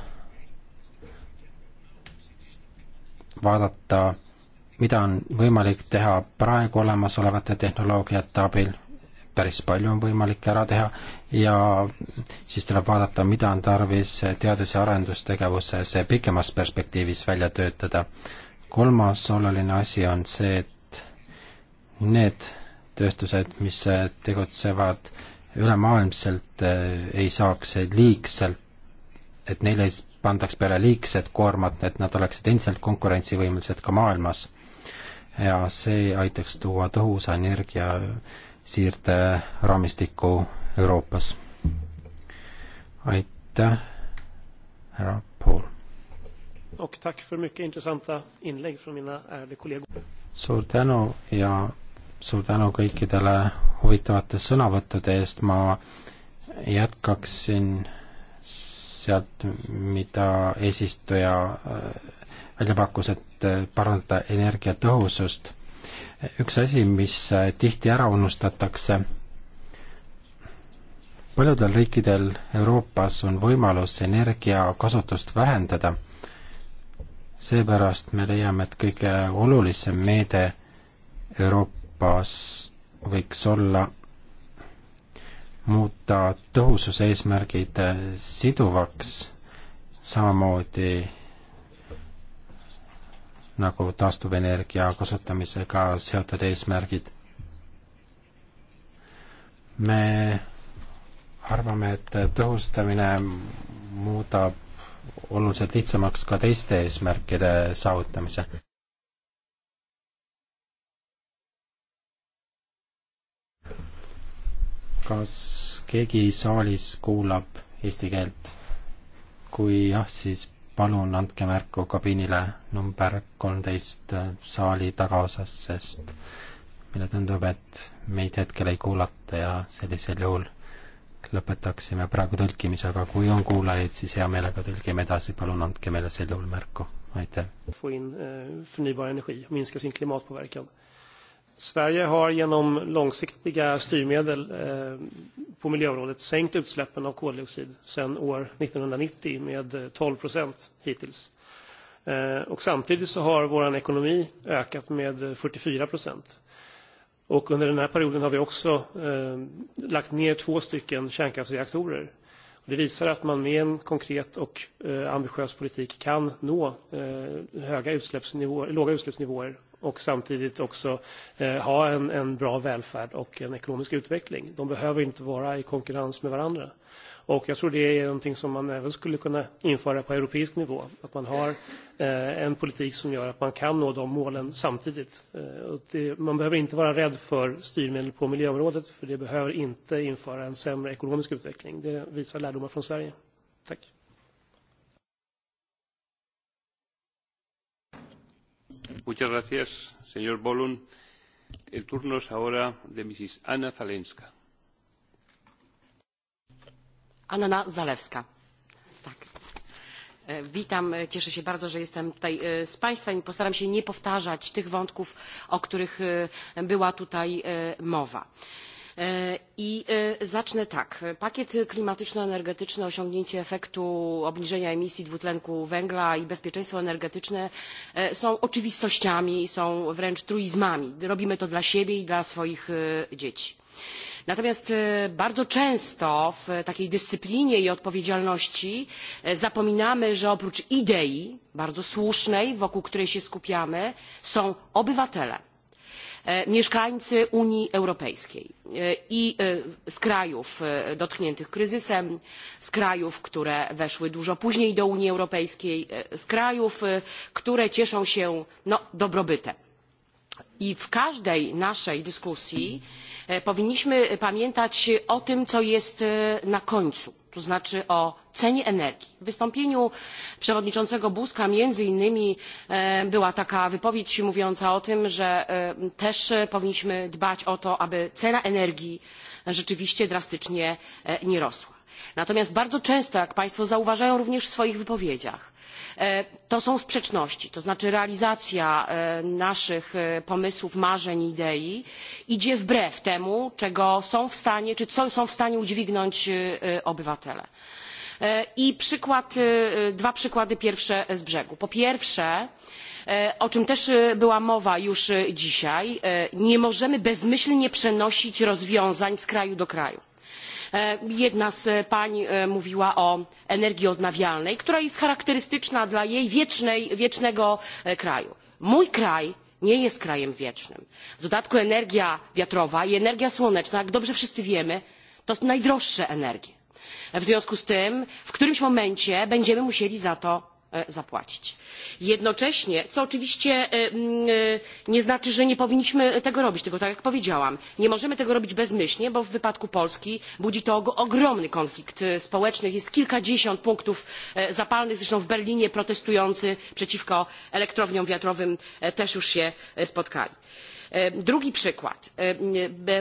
vaadata, mida on võimalik teha praegu olemasolevate tehnoloogiate abil, päris palju on võimalik ära teha ja siis tuleb vaadata, mida on tarvis teadus- ja arendustegevuses pikemas perspektiivis välja töötada. kolmas oluline asi on see, et need tööstused, mis tegutsevad ülemaailmselt, ei saaks liigselt, et neile ei pandaks peale liigset koormat, et nad oleksid endiselt konkurentsivõimelised ka maailmas. ja see aitaks tuua tõhusa energia siirde raamistiku Euroopas. aitäh, härra Paul. suur tänu ja suur tänu kõikidele huvitavate sõnavõttude eest, ma jätkaksin sealt, mida eesistuja äh, välja pakkus, et äh, parandada energiatõhusust. üks asi, mis äh, tihti ära unustatakse paljudel riikidel Euroopas on võimalus energiakasutust vähendada, seepärast me leiame, et kõige olulisem meede Euroopas võiks olla muuta tõhususe eesmärgid siduvaks, samamoodi nagu taastuvenergia kasutamisega seotud eesmärgid. me arvame, et tõhustamine muudab oluliselt lihtsamaks ka teiste eesmärkide saavutamise. kas keegi saalis kuulab eesti keelt? kui jah, siis palun andke märku kabiinile number kolmteist saali tagaosas, sest mulle tundub, et meid hetkel ei kuulata ja sellisel juhul lõpetaksime praegu tõlkimise, aga kui on kuulajaid, siis hea meelega tõlgime edasi, palun andke meile sel juhul märku, aitäh. Få in eh, förnybar energi, minska sin klimatpåverkan. Sverige har genom långsiktiga styrmedel eh, på miljöområdet sänkt utsläppen av koldioxid sedan år 1990 med 12 eh, procent hittills. Och samtidigt så har vår ekonomi ökat med 44 procent. Och under den här perioden har vi också eh, lagt ner två stycken kärnkraftsreaktorer. Och det visar att man med en konkret och eh, ambitiös politik kan nå eh, höga utsläppsnivåer, låga utsläppsnivåer och samtidigt också eh, ha en, en bra välfärd och en ekonomisk utveckling. De behöver inte vara i konkurrens med varandra. Eh, Och jag tror det är någonting som man även skulle kunna införa på europeisk nivå. Att man har eh, en politik som gör att man kan nå de målen samtidigt. Eh, och det, man behöver inte vara rädd för styrmedel på miljöområdet för det behöver inte införa en sämre ekonomisk utveckling. Det visar lärdomar från Sverige. Tack. Muchas gracias, señor Bolun. El turno es ahora de Mrs. Anna Zalenska. Anna Zalewska. Tak. E, witam, e, cieszę się bardzo, że jestem tutaj e, z Państwem i postaram się nie powtarzać tych wątków, o których była tutaj mowa i zacznę tak pakiet klimatyczno energetyczny osiągnięcie efektu obniżenia emisji dwutlenku węgla i bezpieczeństwo energetyczne są oczywistościami są wręcz truizmami robimy to dla siebie i dla swoich dzieci natomiast e, bardzo często w takiej dyscyplinie i odpowiedzialności e, zapominamy że oprócz idei bardzo słusznej wokół której się skupiamy są obywatele e, mieszkańcy unii europejskiej i z krajów dotkniętych kryzysem z krajów które weszły dużo później do unii europejskiej z krajów które cieszą się no dobrobytem i w każdej naszej dyskusji e, powinniśmy pamiętać o tym co jest e, na końcu to znaczy o cenie energii. w wystąpieniu przewodniczącego buzka między innymi e, była taka wypowiedź mówiąca o tym że też powinniśmy dbać o to aby cena energii rzeczywiście drastycznie nie rosła natomiast bardzo często jak państwo zauważają również w swoich wypowiedziach e, to są sprzeczności to znaczy realizacja e, naszych e, pomysłów marzeń i idei idzie wbrew temu czego są w stanie czy co są w stanie udźwignąć obywatele. i przykład, dwa przykłady pierwsze z brzegu. po pierwsze o czym też była mowa już dzisiaj nie możemy bezmyślnie przenosić rozwiązań z kraju do kraju E, jedna z pań e, mówiła o energii odnawialnej która jest charakterystyczna dla jej wiecznej, wiecznego e, kraju. mój kraj nie jest krajem wiecznym. w dodatku energia wiatrowa i energia słoneczna jak dobrze wszyscy wiemy to najdroższe energie. w związku z tym w którymś momencie będziemy musieli za to E, zapłacić. jednocześnie co oczywiście e, e, nie znaczy że nie powinniśmy tego robić tylko tak jak powiedziałam nie możemy tego robić bezmyślnie bo w wypadku polski budzi to ogromny konflikt społeczny jest kilkadziesiąt punktów zapalnych zresztą w berlinie protestujący przeciwko elektrowniom wiatrowym też już się spotkali drugi przykład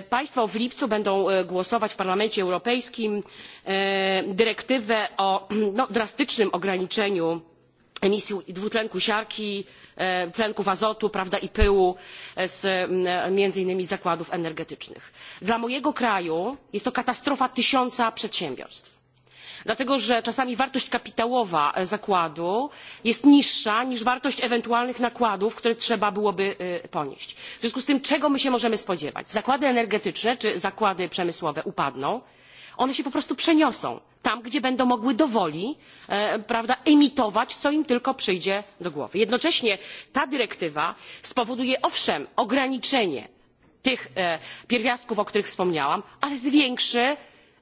państwo w lipcu będą głosować w parlamencie europejskim nad dyrektywą o drastycznym ograniczeniu emisji dwutlenku siarki e, tlenków azotu prawda, i pyłu e, z między innymi zakładów energetycznych. dla mojego kraju jest to katastrofa tysiąca przedsiębiorstw dlatego że czasami wartość kapitałowa e, zakładu jest niższa niż wartość ewentualnych nakładów które trzeba byłoby ponieść. w związku z tym czego my się możemy spodziewać? zakłady energetyczne czy zakłady przemysłowe upadną? one się po prostu przeniosą tam gdzie będą mogły dowoli e, prawda, emitować co im tylko przyjdzie do głowy. jednocześnie ta dyrektywa spowoduje owszem ograniczenie tych e, pierwiastków o których wspomniałam ale zwiększy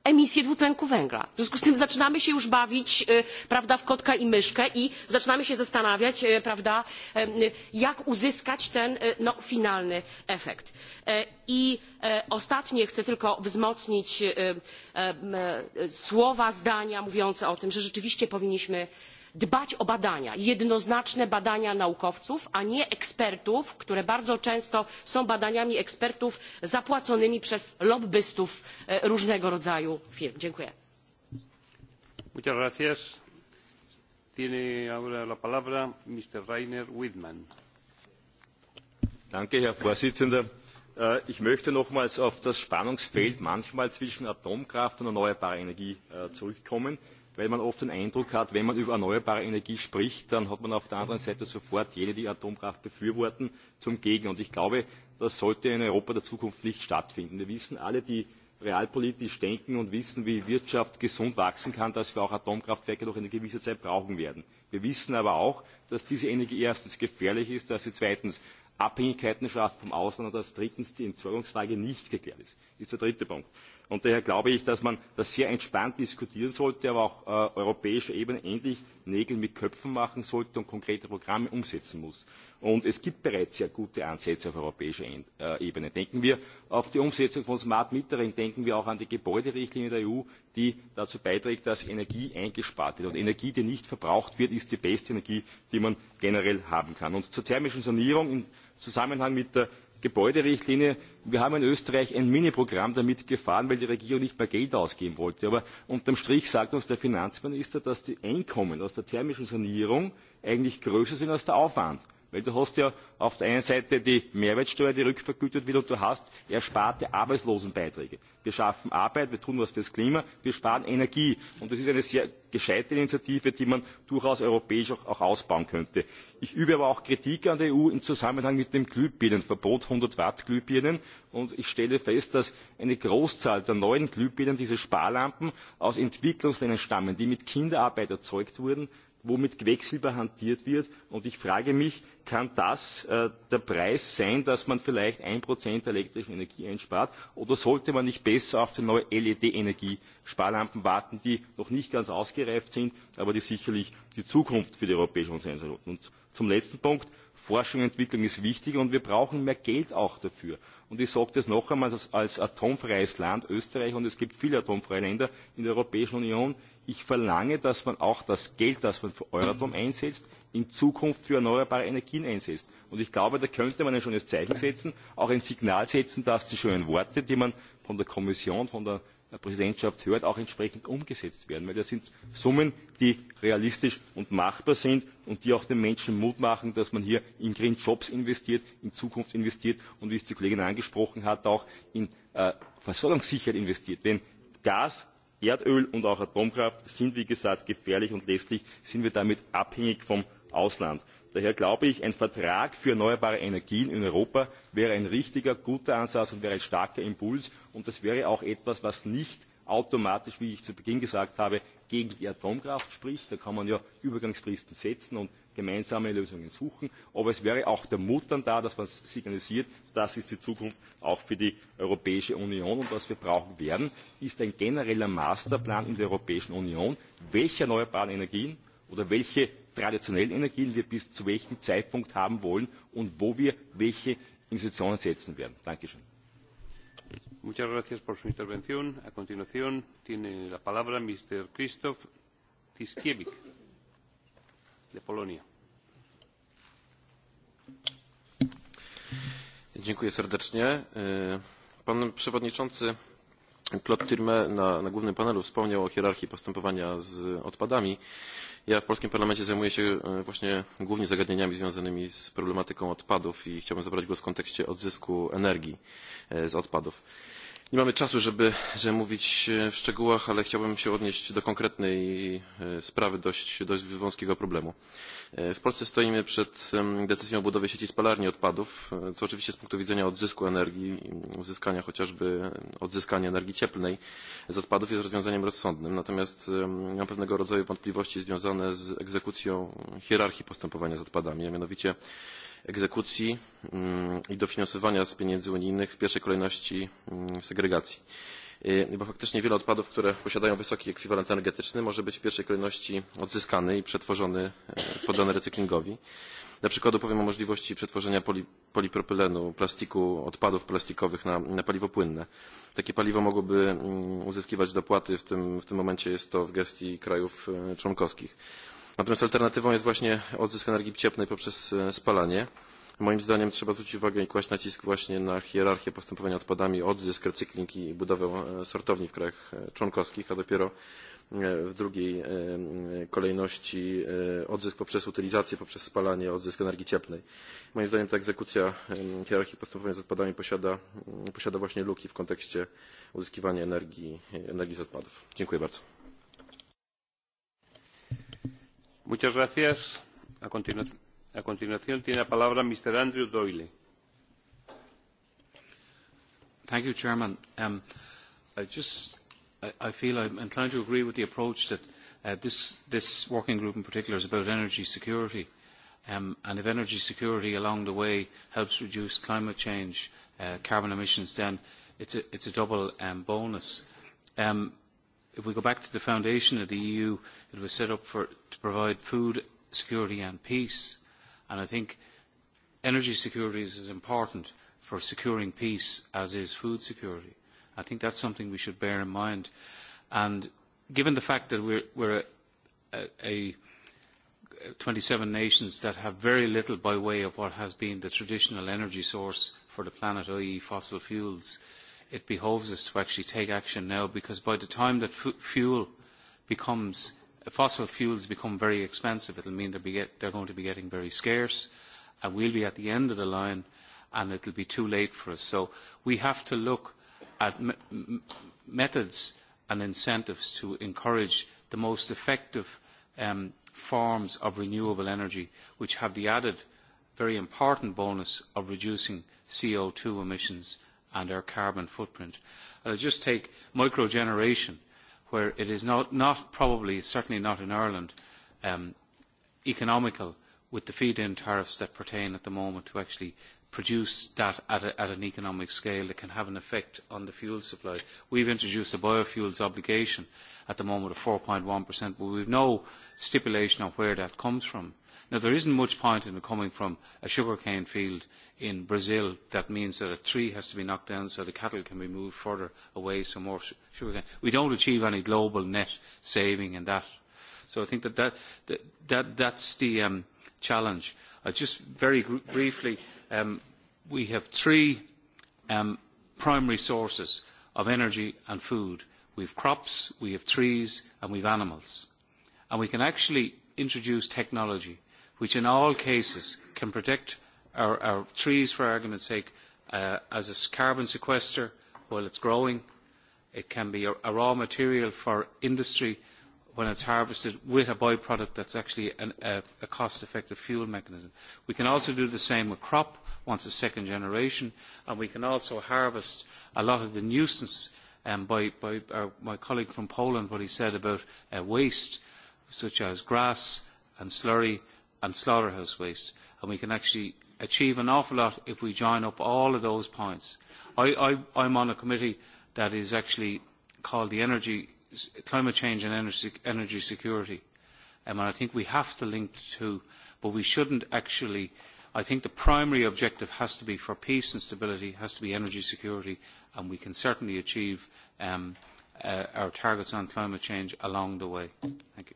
emisję dwutlenku węgla. w związku z tym zaczynamy się już bawić e, prawda, w kotka i myszkę i zaczynamy się zastanawiać e, prawda, e, jak uzyskać ten no, finalny efekt. i ostatnie chcę tylko wzmocnić słowa zdania mówiące o tym że rzeczywiście powinniśmy dbać o badania jednoznaczne badania naukowców a nie ekspertów które bardzo często są badaniami ekspertów zapłaconymi przez lobbystów e, różnego rodzaju firm. dziękuję. Danke, herr präsident! Äh, ich möchte nochmals auf das spannungsfeld manchmal zwischen atomkraft und erneuerbarer energie äh, zurückkommen weil man oft den Eindruck hat, wenn man über erneuerbare Energie spricht, dann hat man auf der anderen Seite sofort jene, die Atomkraft befürworten, zum Gegner. Und ich glaube, das sollte in Europa der Zukunft nicht stattfinden. Wir wissen alle, die realpolitisch denken und wissen, wie Wirtschaft gesund wachsen kann, dass wir auch Atomkraftwerke noch eine gewisse Zeit brauchen werden. Wir wissen aber auch, dass diese Energie erstens gefährlich ist, dass sie zweitens Abhängigkeiten schafft vom Ausland und dass drittens die Entsorgungsfrage nicht geklärt ist. Das ist der dritte Punkt. Und daher glaube ich, dass man das sehr entspannt diskutieren sollte, aber auch äh, europäischer Ebene endlich Nägel mit Köpfen machen sollte und konkrete Programme umsetzen muss. Und es gibt bereits sehr gute Ansätze auf europäischer äh, Ebene. Denken wir auf die Umsetzung von Smart Metering, denken wir auch an die Gebäuderichtlinie der EU, die dazu beiträgt, dass Energie eingespart wird. Und Energie, die nicht verbraucht wird, ist die beste Energie, die man generell haben kann. Und zur thermischen Sanierung im Zusammenhang mit der gebäuderichtlinie wir haben in österreich ein miniprogramm damit gefahren weil die regierung nicht mehr geld ausgeben wollte. aber unterm strich sagt uns der finanzminister dass die einkommen aus der thermischen sanierung eigentlich größer sind als der aufwand. Weil du hast ja auf der einen Seite die Mehrwertsteuer, die rückvergütet wird, und du hast ersparte Arbeitslosenbeiträge. Wir schaffen Arbeit, wir tun was fürs Klima, wir sparen Energie. Und das ist eine sehr gescheite Initiative, die man durchaus europäisch auch, auch ausbauen könnte. Ich übe aber auch Kritik an der EU im Zusammenhang mit dem Glühbirnenverbot, 100 Watt Glühbirnen. Und ich stelle fest, dass eine Großzahl der neuen Glühbirnen, diese Sparlampen, aus Entwicklungsländern stammen, die mit Kinderarbeit erzeugt wurden, womit Quecksilber hantiert wird. Und ich frage mich, kann das äh, der Preis sein, dass man vielleicht ein Prozent der elektrischen Energie einspart? Oder sollte man nicht besser auf die neue LED-Energiesparlampen warten, die noch nicht ganz ausgereift sind, aber die sicherlich die Zukunft für die Europäische Union sein sollten? Und zum letzten Punkt. Forschung und Entwicklung ist wichtig und wir brauchen mehr Geld auch dafür. Und ich sage das noch einmal als, als atomfreies Land Österreich, und es gibt viele atomfreie Länder in der Europäischen Union, ich verlange, dass man auch das Geld, das man für Euratom einsetzt, in Zukunft für erneuerbare Energien einsetzt. Und ich glaube, da könnte man ein schönes Zeichen setzen, auch ein Signal setzen, dass die schönen Worte, die man von der Kommission, von der Präsidentschaft hört, auch entsprechend umgesetzt werden. Weil das sind Summen, die realistisch und machbar sind und die auch den Menschen Mut machen, dass man hier in Green Jobs investiert, in Zukunft investiert und, wie es die Kollegin angesprochen hat, auch in äh, Versorgungssicherheit investiert. Denn Gas, Erdöl und auch Atomkraft sind, wie gesagt, gefährlich und letztlich sind wir damit abhängig vom ausland. daher glaube ich ein vertrag für erneuerbare energien in europa wäre ein richtiger guter ansatz und wäre ein starker impuls und das wäre auch etwas was nicht automatisch wie ich zu beginn gesagt habe gegen die atomkraft spricht da kann man ja übergangsfristen setzen und gemeinsame lösungen suchen aber es wäre auch der mut dann da dass man signalisiert das ist die zukunft auch für die europäische union und was wir brauchen werden ist ein genereller masterplan in der europäischen union welche erneuerbaren energien oder welche traditionellen Energien wir bis zu welchem Zeitpunkt haben wollen und wo wir welche Investitionen setzen werden. Dankeschön. Muchas gracias por su intervención. A continuación tiene la palabra Mr. Krzysztof Tiskiewicz, de Polonia. Dziękuję serdecznie. E, pan przewodniczący Claude Turme na, na głównym panelu wspomniał o hierarchii postępowania z odpadami. Ja w polskim parlamencie zajmuję się e, właśnie głównie zagadnieniami związanymi z problematyką odpadów i chciałbym zabrać głos w kontekście odzysku energii e, z odpadów. Nie mamy czasu, żeby, żeby mówić e, w szczegółach, ale chciałbym się odnieść do konkretnej e, sprawy dość, dość wąskiego problemu. E, w Polsce stoimy przed decyzją o budowie sieci spalarni odpadów, co oczywiście z punktu widzenia odzysku energii, uzyskania chociażby odzyskania energii cieplnej z odpadów jest rozwiązaniem rozsądnym. Natomiast mam pewnego rodzaju wątpliwości związane z egzekucją hierarchii postępowania z odpadami, a mianowicie egzekucji mm, i dofinansowania z pieniędzy unijnych w pierwszej kolejności mm, segregacji. Bo faktycznie wiele odpadów, które posiadają wysoki ekwiwalent energetyczny może być w pierwszej kolejności odzyskany i przetworzony, poddany recyklingowi. Dla przykładu powiem o możliwości przetworzenia poli, polipropylenu, plastiku, odpadów plastikowych na, na paliwo płynne. Takie paliwo mogłoby mm, uzyskiwać dopłaty, w tym, w tym momencie jest to w gestii krajów członkowskich Natomiast alternatywą jest właśnie odzysk energii cieplnej poprzez e, spalanie. Moim zdaniem trzeba zwrócić uwagę i kłaść nacisk właśnie na hierarchię postępowania odpadami, odzysk, recykling i budowę e, sortowni w krajach e, członkowskich, a dopiero w drugiej kolejności odzysk poprzez utylizację, poprzez spalanie, odzysk energii cieplnej. Moim zdaniem ta egzekucja hierarchii postępowania z odpadami posiada, posiada właśnie luki w kontekście uzyskiwania energii, energii z odpadów. Dziękuję bardzo. Muchas gracias. A, continu a continuación tiene la palabra Mr. Andrew Doyle. Thank you, Chairman. Um, I just, I, I feel I'm inclined to agree with the approach that uh, this, this working group in particular is about energy security. Um, and if energy security along the way helps reduce climate change, uh, carbon emissions, then it's a, it's a double um, bonus. Um, if we go back to the foundation of the EU, it was set up for, to provide food security and peace. And I think energy security is as important for securing peace as is food security. I think that's something we should bear in mind. And given the fact that we're, we're a, a, a 27 nations that have very little by way of what has been the traditional energy source for the planet, i.e. fossil fuels, uh, it behoves us to actually take action now because by the time that f fuel becomes fossil fuels become very expensive it'll mean they'll be get, they're going to be getting very scarce and we'll be at the end of the line and it'll be too late for us so we have to look at me methods and incentives to encourage the most effective um, forms of renewable energy which have the added very important bonus of reducing CO2 emissions and our carbon footprint. I'll just take microgeneration, where it is not, not probably, certainly not in Ireland, um, economical with the feed-in tariffs that pertain at the moment to actually produce that at, a, at an economic scale that can have an effect on the fuel supply. We've introduced a biofuels obligation at the moment of 4.1%, but we've no stipulation on where that comes from. Now, there isn't much point in it coming from a sugarcane field in Brazil, that means that a tree has to be knocked down so the cattle can be moved further away, so more sugar cane. We don't achieve any global net saving in that. So I think that, that, that, that that's the um, challenge. Uh, just very gr briefly, um, we have three um, primary sources of energy and food. We have crops, we have trees, and we have animals. And we can actually introduce technology, which in all cases can protect or, or trees, for argument's sake, uh, as a carbon sequester while it's growing. It can be a, a raw material for industry when it's harvested with a byproduct that's actually an, a, a cost-effective fuel mechanism. We can also do the same with crop once it's second generation, and we can also harvest a lot of the nuisance um, by, by uh, my colleague from Poland, what he said about uh, waste, such as grass and slurry and slaughterhouse waste. And we can actually achieve an awful lot if we join up all of those points. I, I, I'm on a committee that is actually called the Energy, Climate Change and Energy, Energy Security. Um, and I think we have to link the two, but we shouldn't actually, I think the primary objective has to be for peace and stability, has to be energy security, and we can certainly achieve um, uh, our targets on climate change along the way. Thank you.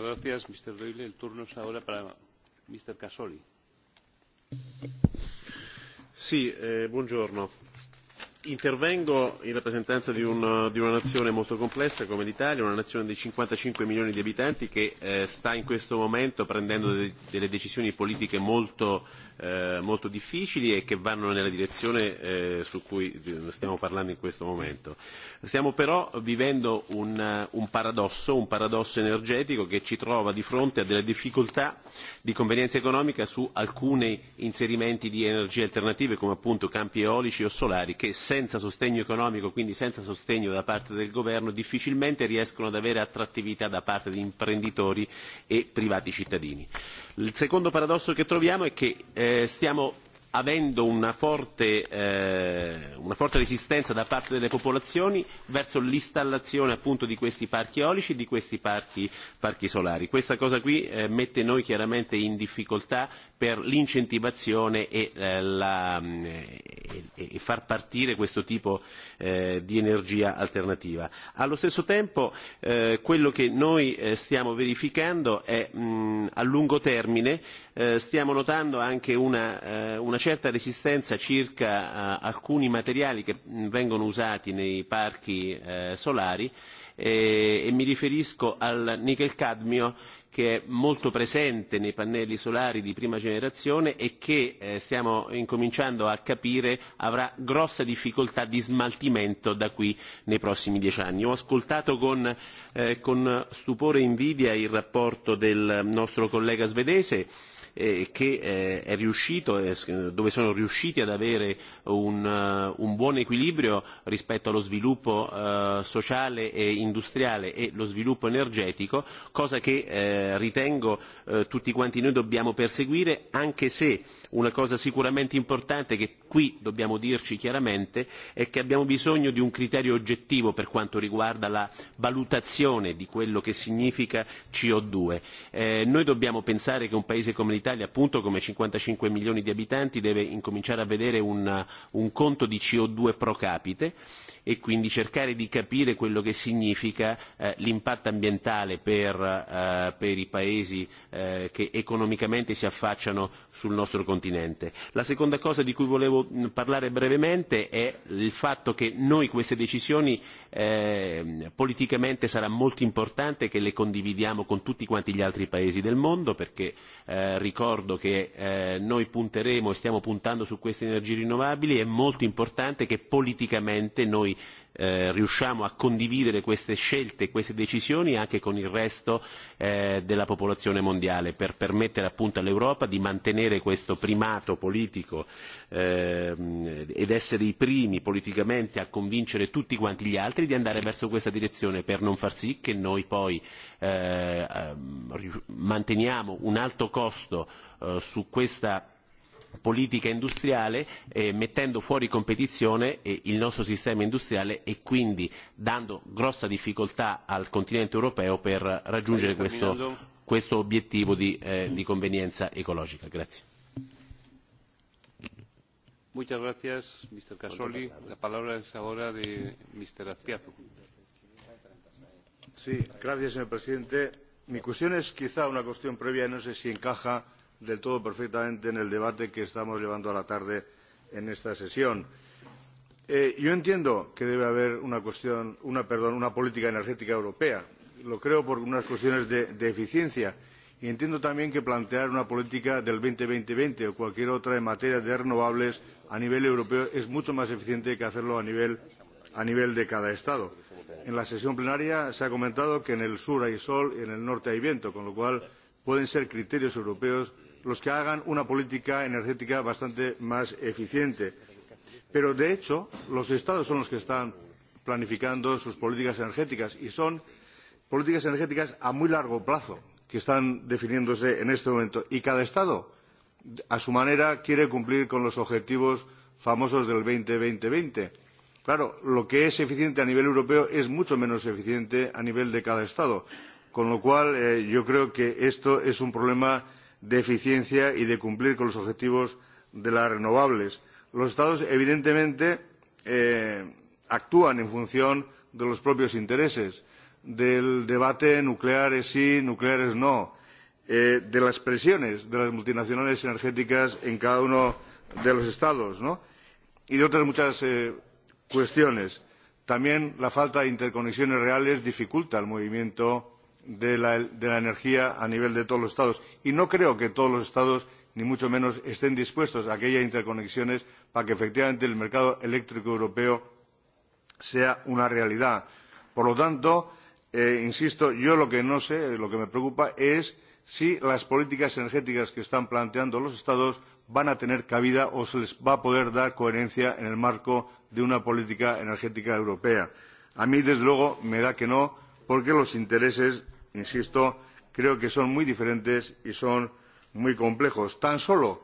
Muchas gracias, Mr. Doyle. El turno es ahora para Mr. Casoli. Sì, eh, buongiorno. Intervengo in rappresentanza di, un, di una nazione molto complessa come l'Italia, una nazione di 55 milioni di abitanti che eh, sta in questo momento prendendo de- delle decisioni politiche molto eh, eh, molto difficili e che vanno nella direzione eh, su cui eh, stiamo parlando in questo momento. Stiamo però vivendo un, eh, un paradosso, un paradosso energetico che ci trova di fronte a delle difficoltà di convenienza economica su alcuni inserimenti di energie alternative come appunto campi eolici o solari che senza sostegno economico, quindi senza sostegno da parte del governo, difficilmente riescono ad avere attrattività da parte di imprenditori e privati cittadini. Il secondo paradosso che troviamo è che eh, stiamo avendo una forte, eh, una forte resistenza da parte delle popolazioni verso l'installazione appunto di questi parchi eolici e di questi parchi, parchi solari. Questa cosa qui eh, mette noi chiaramente in difficoltà per l'incentivazione e, eh, la, mh, mm, e, e, e far partire questo tipo eh, di energia alternativa. Allo stesso tempo eh, quello che noi eh, stiamo verificando è mh, mm, a lungo termine eh, eh, stiamo notando anche una, eh, una certa resistenza circa eh, alcuni materiali che mh, vengono usati nei parchi eh, solari eh, e mi riferisco al nickel cadmio che è molto presente nei pannelli solari di prima generazione e che eh, stiamo incominciando a capire avrà grossa difficoltà di smaltimento da qui nei prossimi dieci anni. Ho ascoltato con, eh, con stupore e invidia il rapporto del nostro collega svedese eh, che eh, è riuscito, eh, dove sono riusciti ad avere un, uh, un buon equilibrio rispetto allo sviluppo eh, sociale e industriale e lo sviluppo energetico, cosa che eh, ritengo eh, tutti quanti noi dobbiamo perseguire anche se Una cosa sicuramente importante che qui dobbiamo dirci chiaramente è che abbiamo bisogno di un criterio oggettivo per quanto riguarda la valutazione di quello che significa CO2. Eh, noi dobbiamo pensare che un paese come l'Italia, appunto come 55 milioni di abitanti, deve incominciare a vedere un, un conto di CO2 pro capite e quindi cercare di capire quello che significa eh, l'impatto ambientale per, eh, per i paesi eh, che economicamente si affacciano sul nostro continente continente. La seconda cosa di cui volevo parlare brevemente è il fatto che noi queste decisioni eh, politicamente sarà molto importante che le condividiamo con tutti quanti gli altri paesi del mondo perché eh, ricordo che eh, noi punteremo e stiamo puntando su queste energie rinnovabili, è molto importante che politicamente noi eh, riusciamo a condividere queste scelte, queste decisioni anche con il resto eh, della popolazione mondiale per permettere appunto all'Europa di mantenere questo primato politico eh, ed essere i primi politicamente a convincere tutti quanti gli altri di andare verso questa direzione per non far sì che noi poi eh, ehm, manteniamo un alto costo eh, su questa politica industriale eh, mettendo fuori competizione eh, il nostro sistema industriale e quindi dando grossa difficoltà al continente europeo per raggiungere questo, questo obiettivo di, eh, di convenienza ecologica. Grazie. Muchas gracias, Mr. Casoli. La palabra es ahora de Mr. Azpiazu. Sí, gracias, señor presidente. Mi cuestión es quizá una cuestión previa, no sé si encaja del todo perfectamente en el debate que estamos llevando a la tarde en esta sesión. Eh, yo entiendo que debe haber una, cuestión, una, perdón, una política energética europea. Lo creo por unas cuestiones de, de eficiencia. Y entiendo también que plantear una política del 2020-20 o cualquier otra en materia de renovables a nivel europeo es mucho más eficiente que hacerlo a nivel, a nivel de cada Estado. En la sesión plenaria se ha comentado que en el sur hay sol y en el norte hay viento, con lo cual pueden ser criterios europeos los que hagan una política energética bastante más eficiente. Pero, de hecho, los Estados son los que están planificando sus políticas energéticas y son políticas energéticas a muy largo plazo que están definiéndose en este momento. Y cada Estado, a su manera, quiere cumplir con los objetivos famosos del 20-20-20. Claro, lo que es eficiente a nivel europeo es mucho menos eficiente a nivel de cada Estado. Con lo cual, eh, yo creo que esto es un problema de eficiencia y de cumplir con los objetivos de las renovables. Los Estados, evidentemente, eh, actúan en función de los propios intereses, del debate nucleares sí, nucleares no, eh, de las presiones de las multinacionales energéticas en cada uno de los Estados ¿no? y de otras muchas eh, cuestiones. También la falta de interconexiones reales dificulta el movimiento de la, de la energía a nivel de todos los estados y no creo que todos los estados ni mucho menos estén dispuestos a que haya interconexiones para que efectivamente el mercado eléctrico europeo sea una realidad. por lo tanto eh, insisto yo lo que no sé lo que me preocupa es si las políticas energéticas que están planteando los estados van a tener cabida o se les va a poder dar coherencia en el marco de una política energética europea. a mí desde luego me da que no porque los intereses insisto creo que son muy diferentes y son muy complejos. tan solo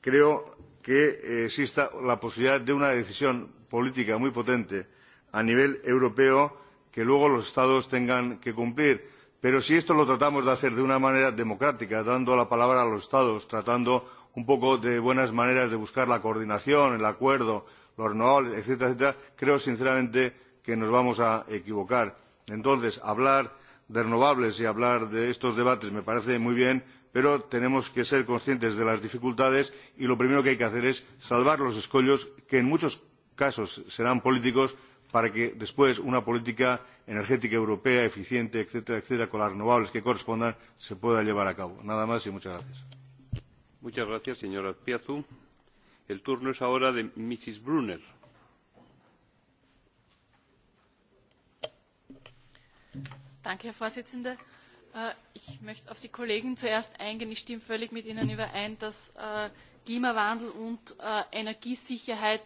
creo que existe la posibilidad de una decisión política muy potente a nivel europeo que luego los estados tengan que cumplir pero si esto lo tratamos de hacer de una manera democrática dando la palabra a los estados tratando un poco de buenas maneras de buscar la coordinación el acuerdo los renovables etcétera etcétera creo sinceramente que nos vamos a equivocar. entonces hablar de renovables y hablar de estos debates me parece muy bien pero tenemos que ser conscientes de las dificultades y lo primero que hay que hacer es salvar los escollos que en muchos casos serán políticos para que después una política energética europea eficiente etcétera etcétera con las renovables que correspondan se pueda llevar a cabo. nada más y muchas gracias. Muchas gracias, señor Azpiazu. El turno es ahora de Mrs. Brunner. Danke, Herr Vorsitzender. Äh, ich möchte auf die Kollegen zuerst eingehen. Ich stimme völlig mit Ihnen überein, dass äh, Klimawandel und äh, Energiesicherheit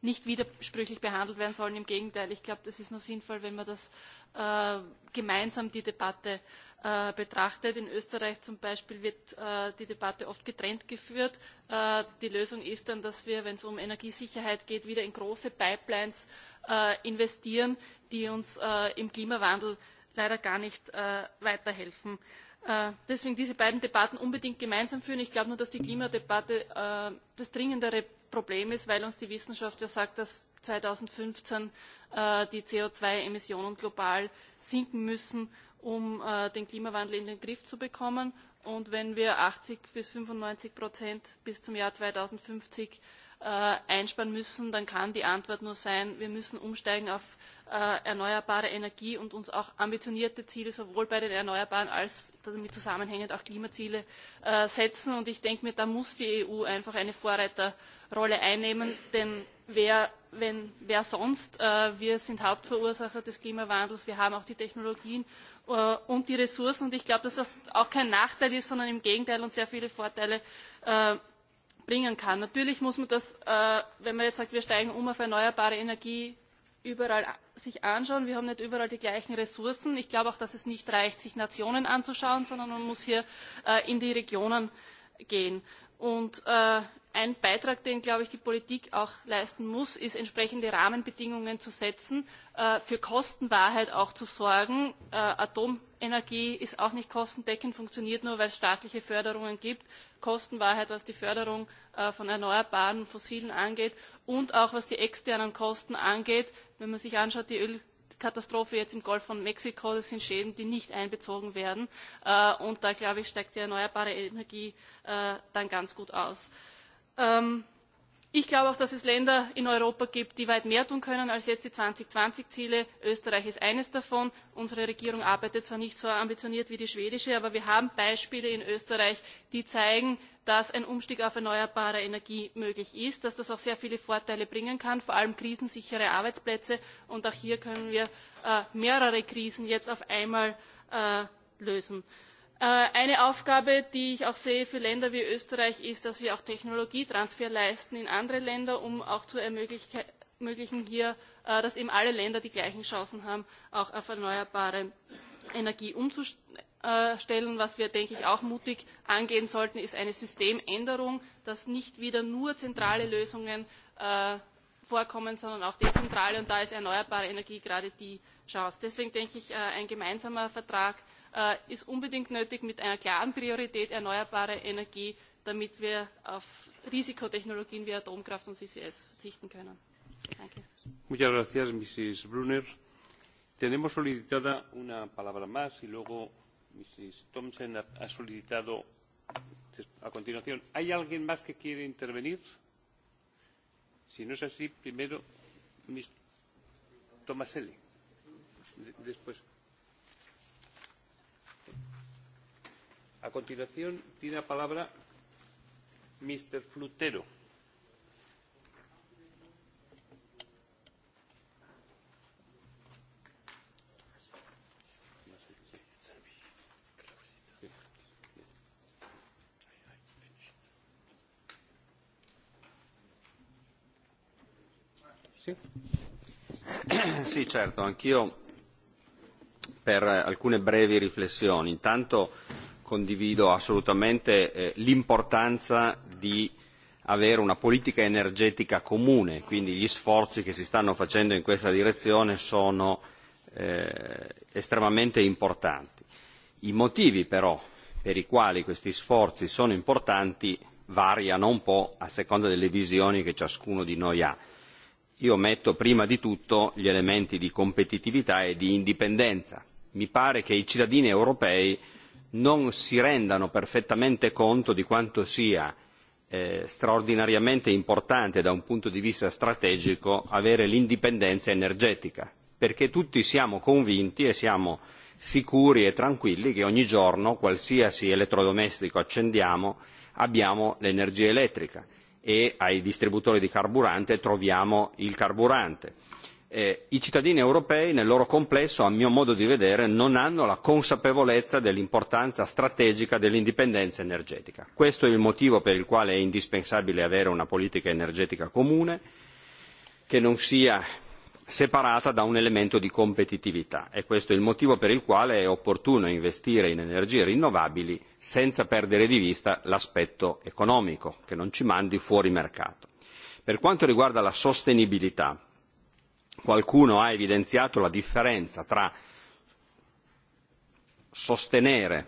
nicht widersprüchlich behandelt werden sollen. Im Gegenteil, ich glaube, das ist nur sinnvoll, wenn man das äh, gemeinsam die Debatte äh, betrachtet. In Österreich zum Beispiel wird äh, die Debatte oft getrennt geführt. Äh, die Lösung ist dann, dass wir, wenn es um Energiesicherheit geht, wieder in große Pipelines äh, äh, investieren, die uns äh, im Klimawandel leider gar nicht äh, weiterhelfen. Äh, deswegen diese beiden Debatten unbedingt gemeinsam führen. Ich glaube nur, dass die Klimadebatte äh, das dringendere Problem ist, weil uns die Wissenschaft ja sagt, dass 2015 äh, die CO2-Emissionen global sinken müssen, um äh, den Klimawandel in den Griff zu bekommen. Und wenn wir 80 bis 95 Prozent bis zum Jahr 2050 äh, einsparen müssen, dann kann die Antwort nur sein, wir müssen umsteigen auf äh, erneuerbare Energie und uns auch ambitionierte Ziele sowohl bei den Erneuerbaren als damit zusammenhängend auch Klimaziele äh, setzen. Und ich denke mir, da muss die EU einfach eine Vorreiterrolle einnehmen, denn wer, wenn, wer sonst? Äh, wir sind Hauptverursacher des Klimawandels, wir haben auch die Technologien äh, und die Ressourcen. Und ich glaube, dass das auch kein Nachteil ist, sondern im Gegenteil und sehr viele Vorteile äh, bringen kann. Natürlich muss man das, äh, wenn man jetzt sagt, wir steigen um auf erneuerbare Energie, überall sich anschauen. Wir haben nicht überall die gleichen Ressourcen. Ich glaube auch, dass es nicht reicht, sich Nationen anzuschauen, sondern man muss hier äh, in die Regionen gehen. Und äh, ein Beitrag, den, glaube ich, die Politik auch leisten muss, ist, entsprechende Rahmenbedingungen zu setzen, äh, für Kostenwahrheit auch zu sorgen. Äh, Atomenergie ist auch nicht kostendeckend, funktioniert nur, weil es staatliche Förderungen gibt. Kostenwahrheit, was die Förderung äh, von erneuerbaren und fossilen angeht und auch was die externen Kosten angeht. Wenn man sich anschaut, die Öl Katastrophe jetzt im Golf von Mexiko, das sind Schäden, die nicht einbezogen werden. Äh, und da, glaube ich, steigt die erneuerbare Energie äh, dann ganz gut aus. Äh, Ähm, ich glaube auch, dass es Länder in Europa gibt, die weit mehr tun können als jetzt die 2020-Ziele. Österreich ist eines davon. Unsere Regierung arbeitet zwar nicht so ambitioniert wie die schwedische, aber wir haben Beispiele in Österreich, die zeigen, dass ein Umstieg auf erneuerbare Energie möglich ist, dass das auch sehr viele Vorteile bringen kann, vor allem krisensichere Arbeitsplätze. Und auch hier können wir äh, mehrere Krisen jetzt auf einmal äh, lösen. Äh, Äh, eine Aufgabe, die ich auch sehe für Länder wie Österreich, ist, dass wir auch Technologietransfer leisten in andere Länder, um auch zu ermöglichen, hier, äh, dass eben alle Länder die gleichen Chancen haben, auch auf erneuerbare Energie umzustellen. Was wir, denke ich, auch mutig angehen sollten, ist eine Systemänderung, dass nicht wieder nur zentrale Lösungen äh, vorkommen, sondern auch dezentrale. Und da ist erneuerbare Energie gerade die Chance. Deswegen denke ich, äh, ein gemeinsamer Vertrag äh, uh, ist unbedingt nötig mit einer klaren Priorität erneuerbare Energie, damit wir auf uh, Risikotechnologien wie Atomkraft und CCS verzichten können. Danke. Muchas gracias, Mrs. Brunner. Tenemos solicitada una palabra más y luego Mrs. Thompson ha, ha solicitado a continuación. ¿Hay alguien más que quiere intervenir? Si no es así, primero Mr. Tomaselli. De, después. A continuación, tiene la palabra Mr. Flutero. sì certo anch'io per alcune brevi riflessioni intanto condivido assolutamente eh, l'importanza di avere una politica energetica comune, quindi gli sforzi che si stanno facendo in questa direzione sono eh, estremamente importanti. I motivi però per i quali questi sforzi sono importanti variano un po' a seconda delle visioni che ciascuno di noi ha. Io metto prima di tutto gli elementi di competitività e di indipendenza. Mi pare che i cittadini europei non si rendano perfettamente conto di quanto sia eh, straordinariamente importante da un punto di vista strategico avere l'indipendenza energetica, perché tutti siamo convinti e siamo sicuri e tranquilli che ogni giorno qualsiasi elettrodomestico accendiamo abbiamo l'energia elettrica e ai distributori di carburante troviamo il carburante eh, i cittadini europei nel loro complesso a mio modo di vedere non hanno la consapevolezza dell'importanza strategica dell'indipendenza energetica. questo è il motivo per il quale è indispensabile avere una politica energetica comune che non sia separata da un elemento di competitività e questo è il motivo per il quale è opportuno investire in energie rinnovabili senza perdere di vista l'aspetto economico che non ci mandi fuori mercato. per quanto riguarda la sostenibilità qualcuno ha evidenziato la differenza tra sostenere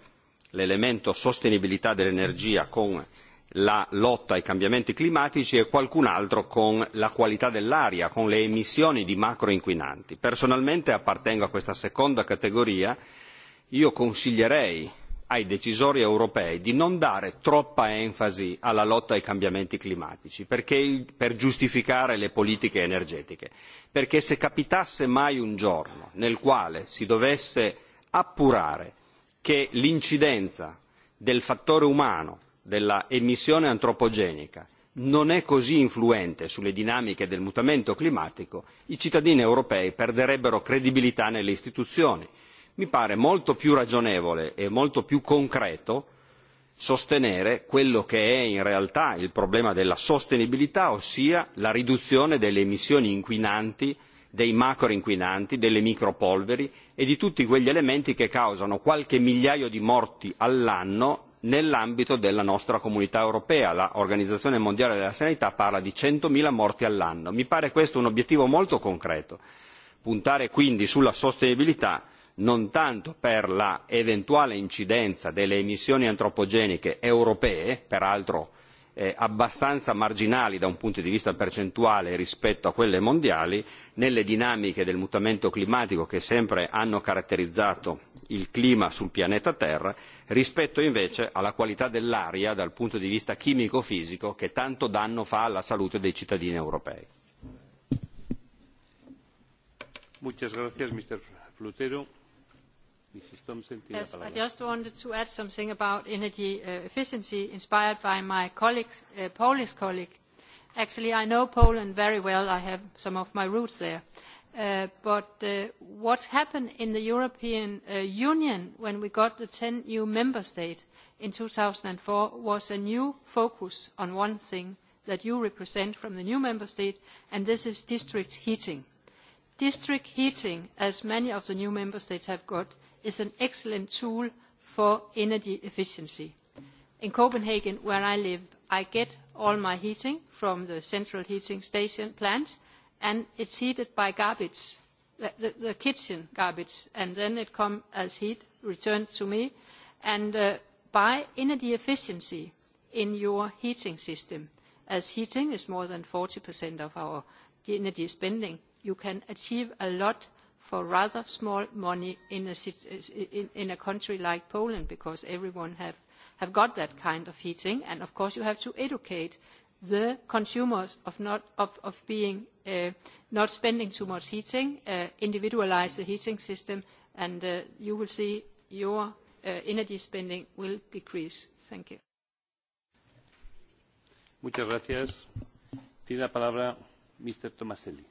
l'elemento sostenibilità dell'energia con la lotta ai cambiamenti climatici e qualcun altro con la qualità dell'aria, con le emissioni di macroinquinanti. Personalmente appartengo a questa seconda categoria. Io consiglierei ai decisori europei di non dare troppa enfasi alla lotta ai cambiamenti climatici perché, per giustificare le politiche energetiche perché se capitasse mai un giorno nel quale si dovesse appurare che l'incidenza del fattore umano dell'emissione antropogenica non è così influente sulle dinamiche del mutamento climatico i cittadini europei perderebbero credibilità nelle istituzioni mi pare molto più ragionevole e molto più concreto sostenere quello che è in realtà il problema della sostenibilità ossia la riduzione delle emissioni inquinanti dei macroinquinanti delle micropolveri e di tutti quegli elementi che causano qualche migliaio di morti all'anno nell'ambito della nostra comunità europea l'organizzazione mondiale della sanità parla di centomila morti all'anno mi pare questo un obiettivo molto concreto puntare quindi sulla sostenibilità non tanto per la eventuale incidenza delle emissioni antropogeniche europee peraltro eh, abbastanza marginali da un punto di vista percentuale rispetto a quelle mondiali nelle dinamiche del mutamento climatico che sempre hanno caratterizzato il clima sul pianeta Terra rispetto invece alla qualità dell'aria dal punto di vista chimico fisico che tanto danno fa alla salute dei cittadini europei. Muchas gracias, Mr. Flutero. Er yes, I just wanted to add something about energy uh, efficiency inspired by my colleague, uh, Polish colleague. Actually, I know Poland very well. I have some of my roots there. Uh, but uh, what's happened in the European uh, Union when we got the 10 new member states in 2004 was a new focus on one thing that you represent from the new member state, and this is district heating. District heating, as many of the new member states have got, is an excellent tool for energy efficiency. In Copenhagen, where I live, I get all my heating from the central heating station plant, and it's heated by garbage, the, the, the kitchen garbage, and then it comes as heat returned to me. And uh, by energy efficiency in your heating system, as heating is more than 40% of our energy spending, you can achieve a lot for rather small money in a, in, in a country like Poland because everyone have, have got that kind of heating. And of course you have to educate the consumers of not, of, of being, uh, not spending too much heating, uh, individualize the heating system, and uh, you will see your uh, energy spending will decrease. Thank you. Muchas gracias. Tiene la palabra Mr. Tomaselli.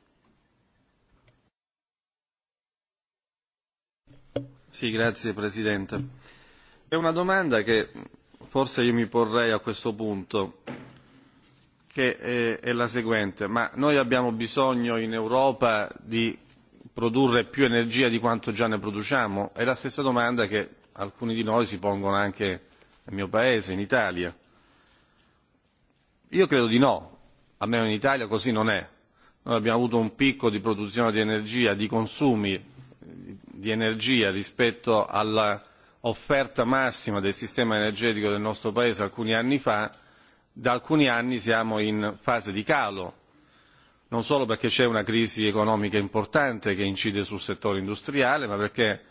Sì, grazie Presidente. È una domanda che forse io mi porrei a questo punto, che è, è la seguente. Ma noi abbiamo bisogno in Europa di produrre più energia di quanto già ne produciamo? È la stessa domanda che alcuni di noi si pongono anche nel mio paese, in Italia. Io credo di no, almeno in Italia così non è. Noi abbiamo avuto un picco di produzione di energia, di consumi di energia rispetto all'offerta massima del sistema energetico del nostro paese alcuni anni fa da alcuni anni siamo in fase di calo non solo perché c'è una crisi economica importante che incide sul settore industriale ma perché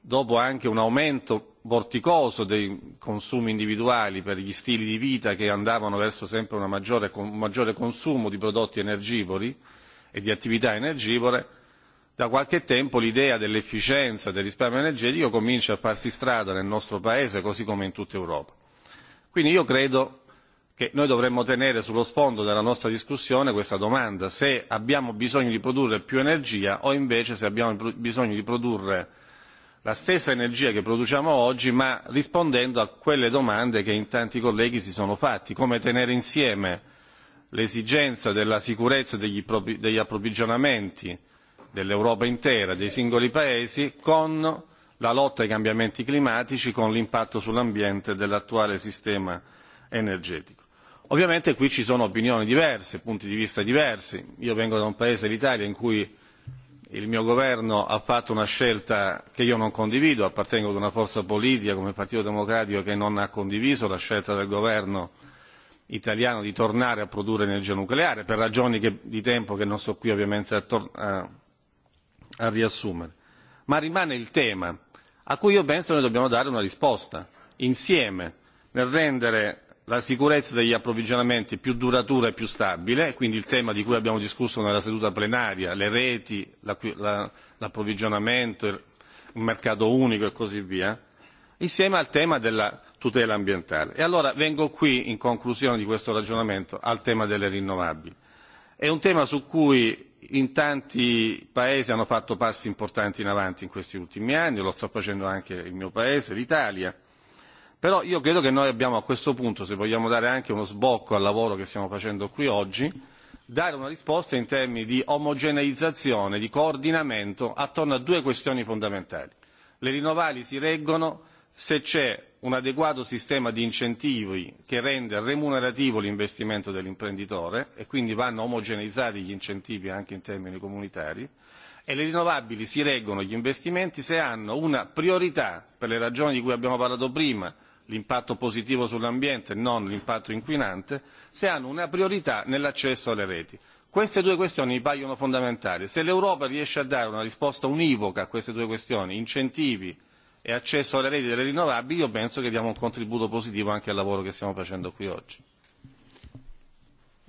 dopo anche un aumento vorticoso dei consumi individuali per gli stili di vita che andavano verso sempre una maggiore, un maggiore consumo di prodotti energivori e di attività energivore da qualche tempo l'idea dell'efficienza del risparmio energetico comincia a farsi strada nel nostro paese così come in tutta europa. quindi io credo che noi dovremmo tenere sullo sfondo della nostra discussione questa domanda se abbiamo bisogno di produrre più energia o invece se abbiamo bisogno di produrre la stessa energia che produciamo oggi ma rispondendo a quelle domande che in tanti colleghi si sono fatti come tenere insieme l'esigenza della sicurezza degli approvvigionamenti dell'Europa intera, dei singoli paesi, con la lotta ai cambiamenti climatici, con l'impatto sull'ambiente dell'attuale sistema energetico. Ovviamente qui ci sono opinioni diverse, punti di vista diversi. Io vengo da un paese, l'Italia, in cui il mio governo ha fatto una scelta che io non condivido, appartengo ad una forza politica come Partito Democratico che non ha condiviso la scelta del governo italiano di tornare a produrre energia nucleare per ragioni che, di tempo che non sto qui ovviamente a, tor- a a riassumere ma rimane il tema a cui io penso noi dobbiamo dare una risposta insieme nel rendere la sicurezza degli approvvigionamenti più duratura e più stabile quindi il tema di cui abbiamo discusso nella seduta plenaria le reti l'approvvigionamento il mercato unico e così via insieme al tema della tutela ambientale. e allora vengo qui in conclusione di questo ragionamento al tema delle rinnovabili. è un tema su cui in tanti paesi hanno fatto passi importanti in avanti in questi ultimi anni, lo sta facendo anche il mio paese, l'Italia. Però io credo che noi abbiamo a questo punto, se vogliamo dare anche uno sbocco al lavoro che stiamo facendo qui oggi, dare una risposta in termini di omogeneizzazione, di coordinamento attorno a due questioni fondamentali. Le rinnovabili si reggono se c'è un adeguato sistema di incentivi che renda remunerativo l'investimento dell'imprenditore e quindi vanno omogeneizzati gli incentivi anche in termini comunitari e le rinnovabili si reggono gli investimenti se hanno una priorità per le ragioni di cui abbiamo parlato prima l'impatto positivo sull'ambiente e non l'impatto inquinante se hanno una priorità nell'accesso alle reti. Queste due questioni mi paiono fondamentali. Se l'Europa riesce a dare una risposta univoca a queste due questioni incentivi e accesso alle reti delle rinnovabili, io penso che diamo un contributo positivo anche al lavoro che stiamo facendo qui oggi.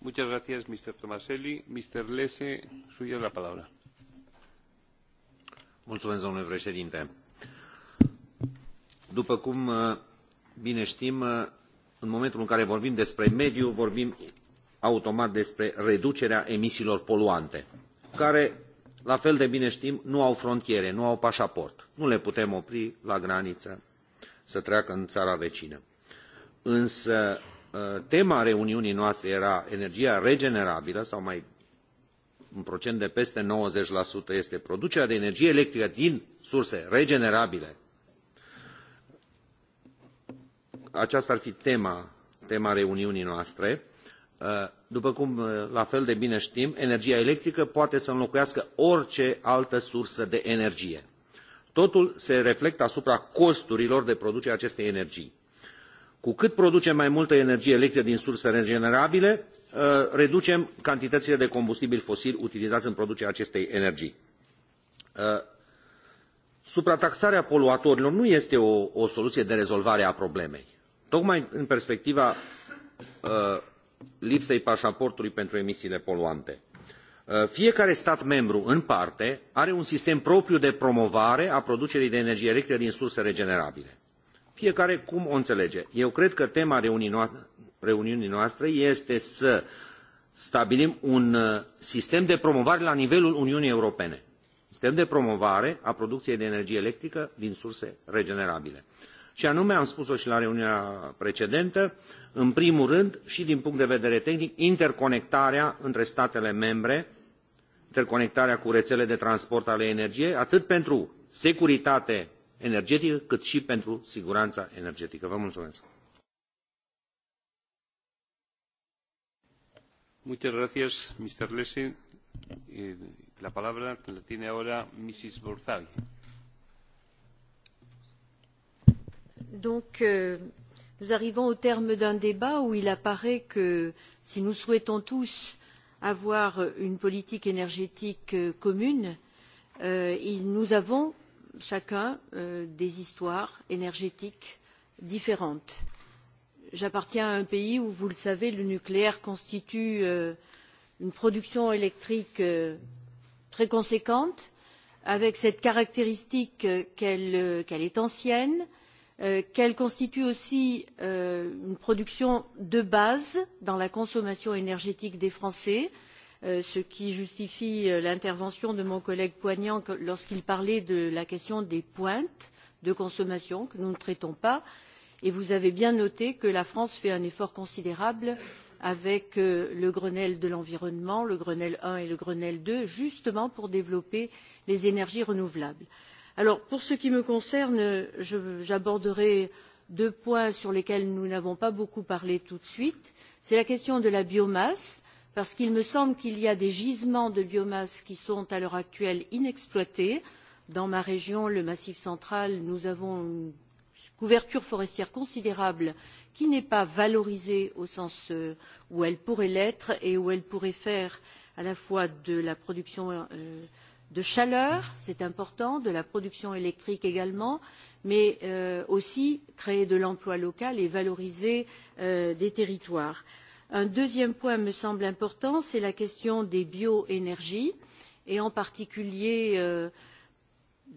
Muchas gracias, Mr. Tomaselli. Mr. Lese, suya la palabra. Mulțumesc, domnule președinte. După cum uh, bine știm, uh, în momentul în care vorbim despre mediu, vorbim automat despre reducerea emisiilor poluante, care la fel de bine știm, nu au frontiere, nu au pașaport. Nu le putem opri la graniță să treacă în țara vecină. Însă tema reuniunii noastre era energia regenerabilă, sau mai un procent de peste 90% este producerea de energie electrică din surse regenerabile. Aceasta ar fi tema, tema reuniunii noastre. Uh, după cum uh, la fel de bine știm, energia electrică poate să înlocuiască orice altă sursă de energie. Totul se reflectă asupra costurilor de producere acestei energii. Cu cât producem mai multă energie electrică din surse regenerabile, uh, reducem cantitățile de combustibil fosil utilizați în producerea acestei energii. Suprataxarea poluatorilor nu este o, o soluție de rezolvare a problemei. Tocmai în perspectiva lipsei paaportului pentru emisiile poluante. Uh, fiecare stat membru în parte are un sistem propriu de promovare a producerii de energie electrică din surse regenerabile fiecare cum o înțelege. eu cred că tema reuniunii noastre este să stabilim un uh, sistem de promovare la nivelul uniunii europene sistem de promovare a producției de energie electrică din surse regenerabile și anume am spus o și la reuniunea precedentă în primul rând și din punct de vedere tehnic, interconectarea între statele membre, interconectarea cu rețele de transport ale energiei, atât pentru securitate energetică, cât și pentru siguranța energetică. Vă mulțumesc! Muchas gracias, Mr. Lessing. Eh, la palabra la tiene ahora Mrs. Borzai. Donc, euh, nous arrivons au terme d'un débat où il apparaît que si nous souhaitons tous avoir une politique énergétique euh, commune euh, nous avons chacun euh, des histoires énergétiques différentes. j'appartiens à un pays où vous le savez le nucléaire constitue euh, une production électrique euh, très conséquente avec cette caractéristique euh, qu'elle qu est ancienne qu'elle Euh, qu'elle constitue aussi euh, une production de base dans la consommation énergétique des Français, euh, ce qui justifie euh, l'intervention de mon collègue Poignant lorsqu'il parlait de la question des pointes de consommation que nous ne traitons pas. Et vous avez bien noté que la France fait un effort considérable avec euh, le Grenelle de l'environnement, le Grenelle 1 et le Grenelle 2, justement pour développer les énergies renouvelables. Euh, Alors, pour ce qui me concerne, j'aborderai deux points sur lesquels nous n'avons pas beaucoup parlé tout de suite. C'est la question de la biomasse, parce qu'il me semble qu'il y a des gisements de biomasse qui sont à l'heure actuelle inexploités. Dans ma région, le Massif central, nous avons une couverture forestière considérable qui n'est pas valorisée au sens euh, où elle pourrait l'être et où elle pourrait faire à la fois de la production euh, de chaleur, c'est important, de la production électrique également, mais euh, aussi créer de l'emploi local et valoriser euh, des territoires. Un deuxième point me semble important, c'est la question des bioénergies et en particulier euh,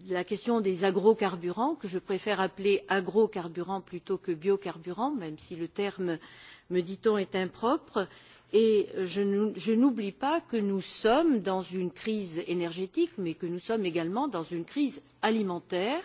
la question des agrocarburants, que je préfère appeler agrocarburants plutôt que biocarburants, même si le terme, me dit-on, est impropre. Euh, et je n'oublie pas que nous sommes dans une crise énergétique mais que nous sommes également dans une crise alimentaire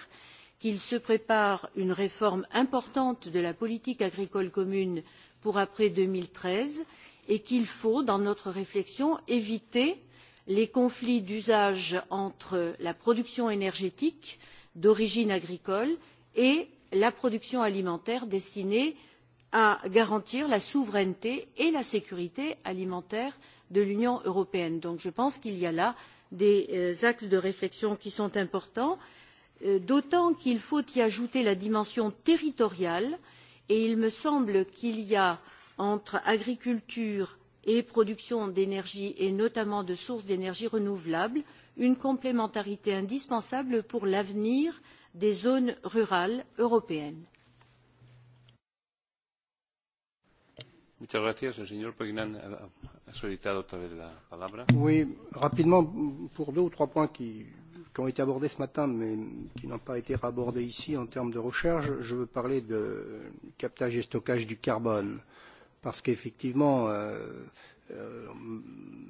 qu'il se prépare une réforme importante de la politique agricole commune pour après deux mille treize et qu'il faut dans notre réflexion éviter les conflits d'usage entre la production énergétique d'origine agricole et la production alimentaire destinée à garantir la souveraineté et la sécurité alimentaire de l'union européenne. donc je pense qu'il y a là des euh, axes de réflexion qui sont importants euh, d'autant qu'il faut y ajouter la dimension territoriale et il me semble qu'il y a entre agriculture et production d'énergie et notamment de sources d'énergie renouvelable une complémentarité indispensable pour l'avenir des zones rurales européennes. Muchas gracias. El señor Poignan ha solicitado otra vez la palabra. Oui, rapidement, pour deux ou trois points qui, qui ont été abordés ce matin, mais qui n'ont pas été abordés ici en termes de recherche, je veux parler de captage et stockage du carbone. Parce qu'effectivement, euh, euh,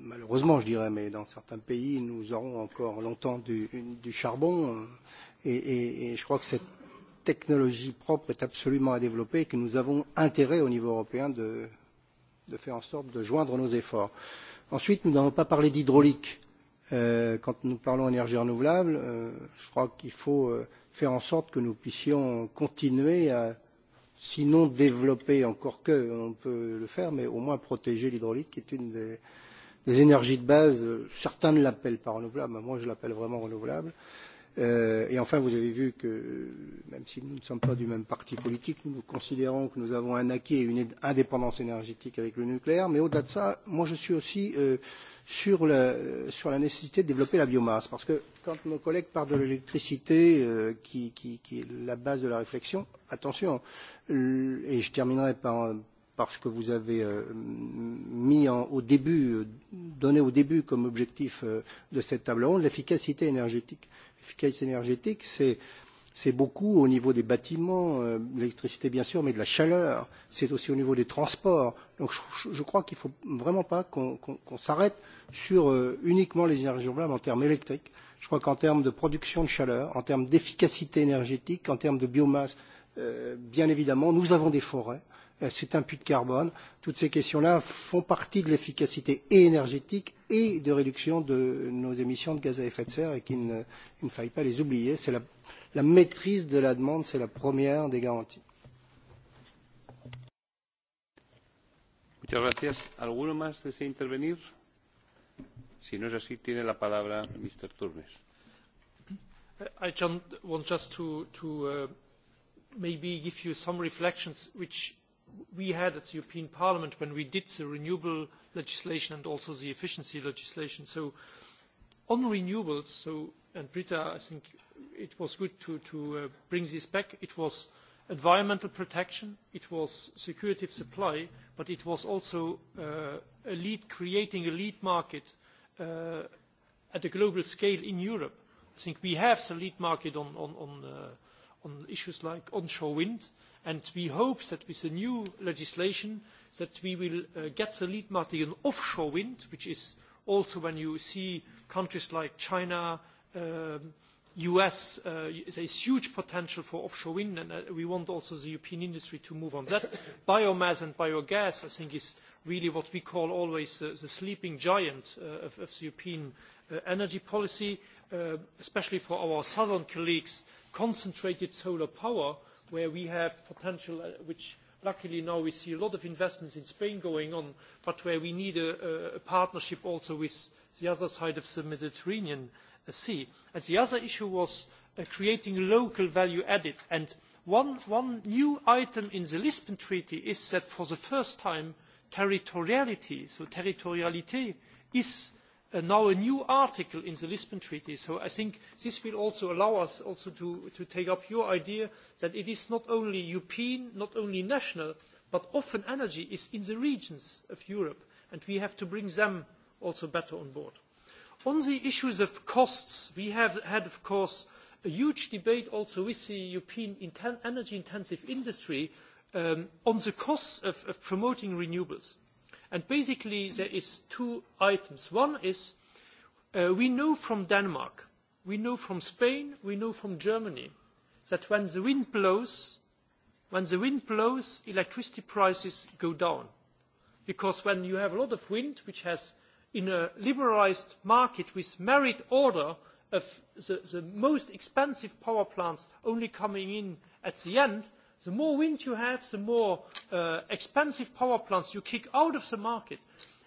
malheureusement, je dirais, mais dans certains pays, nous aurons encore longtemps du, du charbon. Et, et, et je crois que cette technologie propre est absolument à développer et que nous avons intérêt au niveau européen de, de faire en sorte de joindre nos efforts. Ensuite, nous n'avons pas parlé d'hydraulique. Euh, quand nous parlons d'énergie renouvelable, euh, je crois qu'il faut euh, faire en sorte que nous puissions continuer à, sinon développer encore que, on peut le faire, mais au moins protéger l'hydraulique qui est une des, des énergies de base. Certains ne l'appellent pas renouvelable, moi je l'appelle vraiment renouvelable. Euh, Euh, et enfin, vous avez vu que, même si nous ne sommes pas du même parti politique, nous considérons que nous avons un acquis et une indépendance énergétique avec le nucléaire. Mais au-delà de ça, moi, je suis aussi euh, sur, la, sur la nécessité de développer la biomasse. Parce que quand nos collègues parlent de l'électricité, euh, qui, qui, qui est la base de la réflexion, attention, euh, et je terminerai par, par ce que vous avez euh, mis en, au début, euh, donné au début comme objectif euh, de cette table ronde, l'efficacité énergétique. Euh, efficace énergétique, c'est c'est beaucoup au niveau des bâtiments, euh, l'électricité bien sûr, mais de la chaleur, c'est aussi au niveau des transports. Donc je, je crois qu'il ne faut vraiment pas qu'on qu qu s'arrête sur euh, uniquement les énergies renouvelables en termes électriques. Je crois qu'en termes de production de chaleur, en termes d'efficacité énergétique, en termes de biomasse, euh, bien évidemment, nous avons des forêts. Euh, Euh, cet input de carbone. Toutes ces questions-là font partie de l'efficacité et énergétique et de réduction de nos émissions de gaz à effet de serre et qu'il ne, il ne faille pas les oublier. C'est la, la maîtrise de la demande, c'est la première des garanties. Muchas gracias. ¿Alguno más desea intervenir? Si no es así, tiene la palabra Mr. Turmes. I want just to, to uh, maybe give you some reflections which we had as European Parliament when we did the renewable legislation and also the efficiency legislation. So on renewables, so, and Britta, I think it was good to, to uh, bring this back. It was environmental protection, it was security of supply, but it was also uh, a lead, creating a lead market uh, at a global scale in Europe. I think we have the lead market on, on, on, uh, on issues like onshore wind, uh, and we hope that with the new legislation that we will uh, get the lead market in offshore wind, which is also when you see countries like China, um, U.S., uh, there's huge potential for offshore wind, and uh, we want also the European industry to move on that. Biomass and biogas, I think, is really what we call always uh, the sleeping giant uh, of, of the European uh, energy policy, uh, especially for our southern colleagues. Concentrated solar power where we have potential, uh, which luckily now we see a lot of investments in Spain going on, but where we need a, a, a partnership also with the other side of the Mediterranean uh, Sea. And the other issue was uh, creating local value added. And one, one new item in the Lisbon Treaty is that for the first time, territoriality, so territoriality, is uh, uh, now a new article in the Lisbon Treaty. So I think this will also allow us also to, to take up your idea that it is not only European, not only national, but often energy is in the regions of Europe, and we have to bring them also better on board. On the issues of costs, we have had, of course, a huge debate also with the European inten energy-intensive industry um, on the costs of, of promoting renewables. And basically, there is two items. One is uh, we know from Denmark, we know from Spain, we know from Germany that when the wind blows, when the wind blows, electricity prices go down. Because when you have a lot of wind, which has in a liberalized market with merit order of the, the most expensive power plants only coming in at the end, The more wind you have, the more uh, expensive power plants you kick out of the market.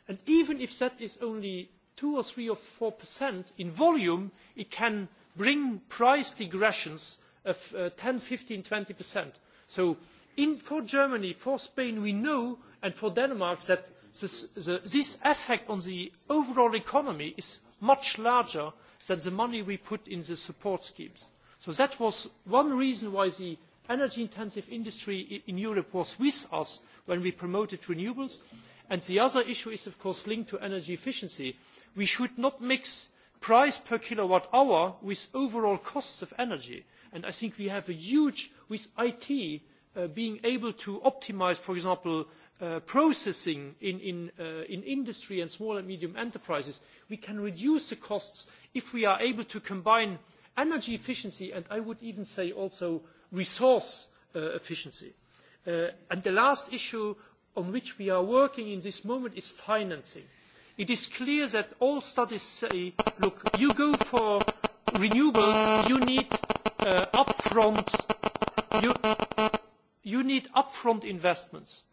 And even if that is only 2 or 3 or 4 percent in volume, it can bring price digressions of uh, 10, 15, 20 percent. So in, for Germany, for Spain, we know, and for Denmark, that this, the, this effect on the overall economy is much larger than the money we put in the support schemes. So that was one reason why the energy intensive industry in Europe was with us when we promoted renewables. And the other issue is of course linked to energy efficiency. We should not mix price per kilowatt hour with overall costs of energy. And I think we have a huge, with IT uh, being able to optimize, for example, uh, processing in, in, uh, in industry and small and medium enterprises, we can reduce the costs if we are able to combine energy efficiency and I would even say also uh, resource uh, efficiency. Uh, and the last issue on which we are working in this moment is financing. It is clear that all studies say, look, you go for renewables, you need uh, upfront, you, you need upfront investments.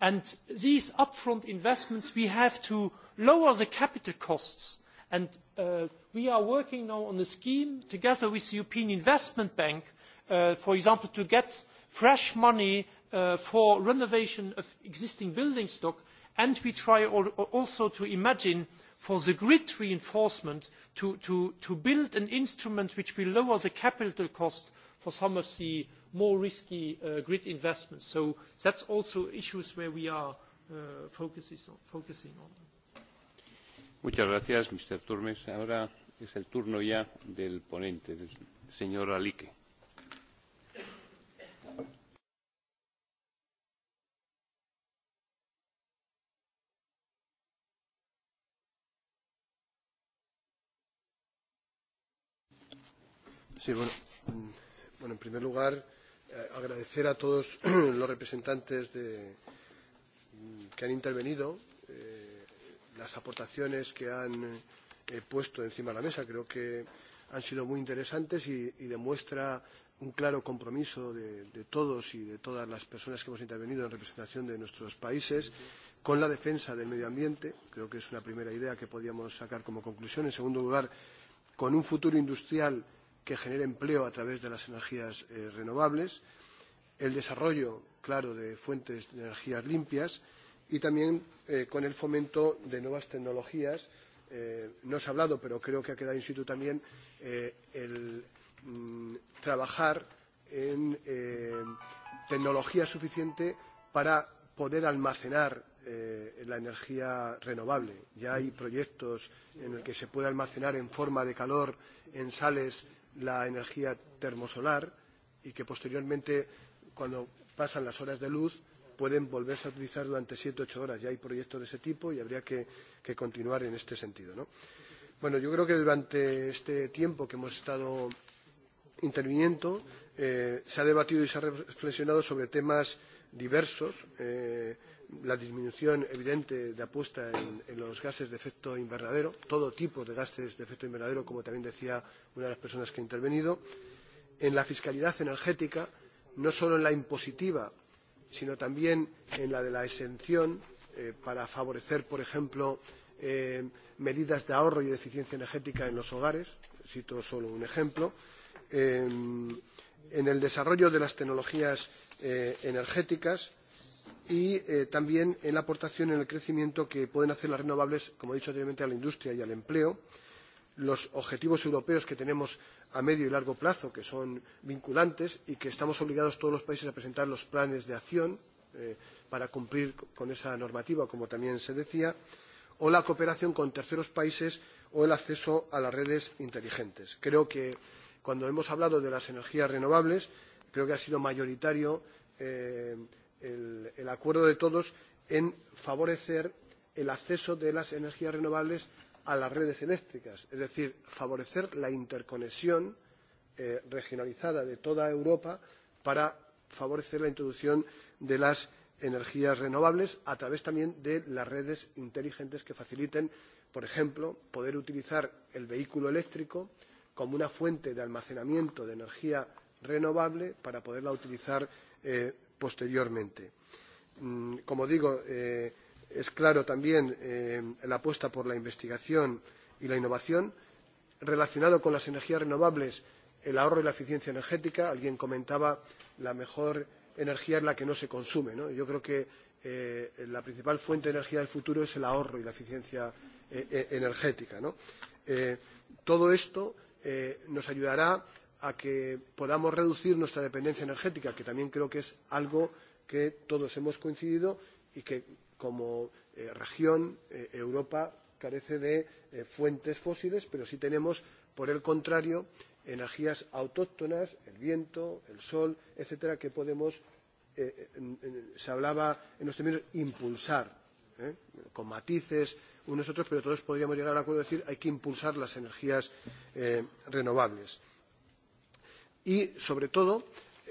And these upfront investments, we have to lower the capital costs. And uh, we are working now on a scheme together with the European Investment Bank uh, uh, for example, to get fresh money uh, for renovation of existing building stock, and we try al also to imagine for the grid reinforcement to, to, to build an instrument which will lower the capital cost for some of the more risky uh, grid investments. So that's also issues where we are uh, focuses on, focusing on. Muchas gracias, Mr. Turmes. Ahora es el turno ya del ponente, del señor Alique. Sí, bueno, bueno en primer lugar, eh, agradecer a todos los representantes de, mm, que han intervenido eh, las aportaciones que han eh, puesto encima de la mesa. Creo que han sido muy interesantes y, y demuestra un claro compromiso de, de todos y de todas las personas que hemos intervenido en representación de nuestros países con la defensa del medio ambiente. Creo que es una primera idea que podíamos sacar como conclusión. En segundo lugar, con un futuro industrial eh, que genere empleo a través de las energías eh, renovables, el desarrollo, claro, de fuentes de energías limpias y también eh, con el fomento de nuevas tecnologías. Eh, no se ha hablado, pero creo que ha quedado in situ también eh, el mm, trabajar en eh, tecnología suficiente para poder almacenar eh, la energía renovable. Ya hay proyectos en el que se puede almacenar en forma de calor en sales la energía termosolar y que posteriormente, cuando pasan las horas de luz, pueden volverse a utilizar durante siete o ocho horas. Ya hay proyectos de ese tipo y habría que, que continuar en este sentido. ¿no? Bueno, yo creo que durante este tiempo que hemos estado interviniendo eh, se ha debatido y se ha reflexionado sobre temas diversos. Eh, la disminución evidente de apuesta en, en los gases de efecto invernadero, todo tipo de gases de efecto invernadero, como también decía una de las personas que ha intervenido, en la fiscalidad energética, no solo en la impositiva, sino también en la de la exención eh, para favorecer, por ejemplo, eh, medidas de ahorro y de eficiencia energética en los hogares, cito solo un ejemplo, eh, en el desarrollo de las tecnologías eh, energéticas, y eh, también en la aportación en el crecimiento que pueden hacer las renovables, como he dicho anteriormente, a la industria y al empleo. Los objetivos europeos que tenemos a medio y largo plazo, que son vinculantes y que estamos obligados todos los países a presentar los planes de acción eh, para cumplir con esa normativa, como también se decía, o la cooperación con terceros países o el acceso a las redes inteligentes. Creo que cuando hemos hablado de las energías renovables, creo que ha sido mayoritario eh, el, el acuerdo de todos en favorecer el acceso de las energías renovables a las redes eléctricas, es decir, favorecer la interconexión eh, regionalizada de toda Europa para favorecer la introducción de las energías renovables a través también de las redes inteligentes que faciliten, por ejemplo, poder utilizar el vehículo eléctrico como una fuente de almacenamiento de energía renovable para poderla utilizar eh, posteriormente. Mm, como digo, eh, es claro también eh, la apuesta por la investigación y la innovación. Relacionado con las energías renovables, el ahorro y la eficiencia energética. Alguien comentaba la mejor energía es la que no se consume. ¿no? Yo creo que eh, la principal fuente de energía del futuro es el ahorro y la eficiencia eh, eh energética. ¿no? Eh, todo esto eh, nos ayudará a que podamos reducir nuestra dependencia energética, que también creo que es algo que todos hemos coincidido y que como eh, región eh, Europa carece de eh, fuentes fósiles, pero sí tenemos, por el contrario, energías autóctonas, el viento, el sol, etcétera, que podemos, eh, en, en, se hablaba en los términos, impulsar, ¿eh? con matices unos otros, pero todos podríamos llegar al acuerdo de decir hay que impulsar las energías eh, renovables y, sobre todo,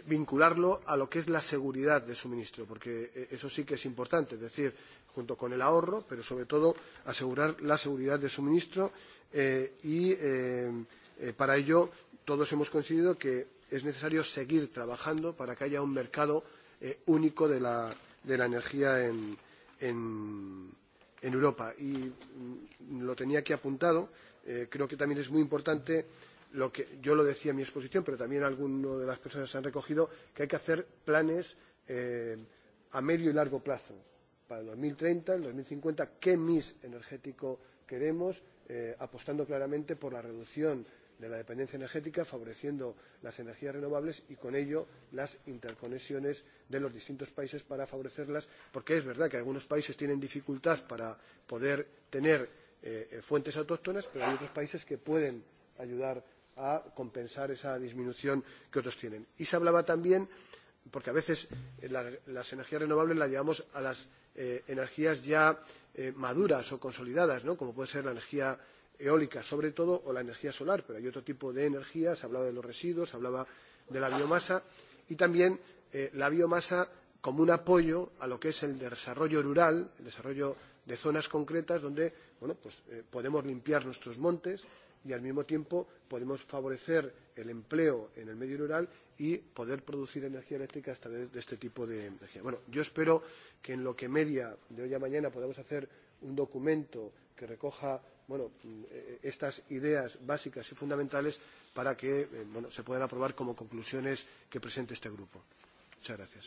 vincularlo a lo que es la seguridad de suministro, porque eh, eso sí que es importante, es decir, junto con el ahorro, pero sobre todo asegurar la seguridad de suministro eh, y eh, eh, para ello todos hemos coincidido que es necesario seguir trabajando para que haya un mercado eh, único de la, de la energía en, en, en Europa. Y mm, lo tenía aquí apuntado. Eh, creo que también es muy importante eh, lo que yo lo decía en mi exposición, pero también algunas de las personas han recogido, que hay que hacer planes eh, a medio y largo plazo. Para el 2030, el 2050, qué mix energético queremos, eh, apostando claramente por la reducción de la dependencia energética, favoreciendo las energías renovables y con ello las interconexiones de los distintos países para favorecerlas, porque es verdad que algunos países tienen dificultad para poder tener eh, eh fuentes autóctonas, pero hay otros países que pueden ayudar a compensar esa disminución que otros tienen. Y se hablaba también, porque a veces la, las energías renovables las llevamos a las eh, energías ya eh, maduras o consolidadas, ¿no? como puede ser la energía eólica, sobre todo, o la energía solar, pero hay otro tipo de energía, se hablaba de los residuos, se hablaba de la biomasa y también eh, la biomasa como un apoyo a lo que es el desarrollo rural, el desarrollo de zonas concretas donde bueno, pues, eh, podemos limpiar nuestros montes, y al mismo tiempo podemos favorecer el empleo en el medio rural y poder producir energía eléctrica a través de este tipo de energía. Bueno, yo espero que en lo que media de hoy a mañana podamos hacer un documento que recoja bueno, mm, e, e, estas ideas básicas y fundamentales para que eh, bueno, se puedan aprobar como conclusiones que presente este grupo. Muchas gracias.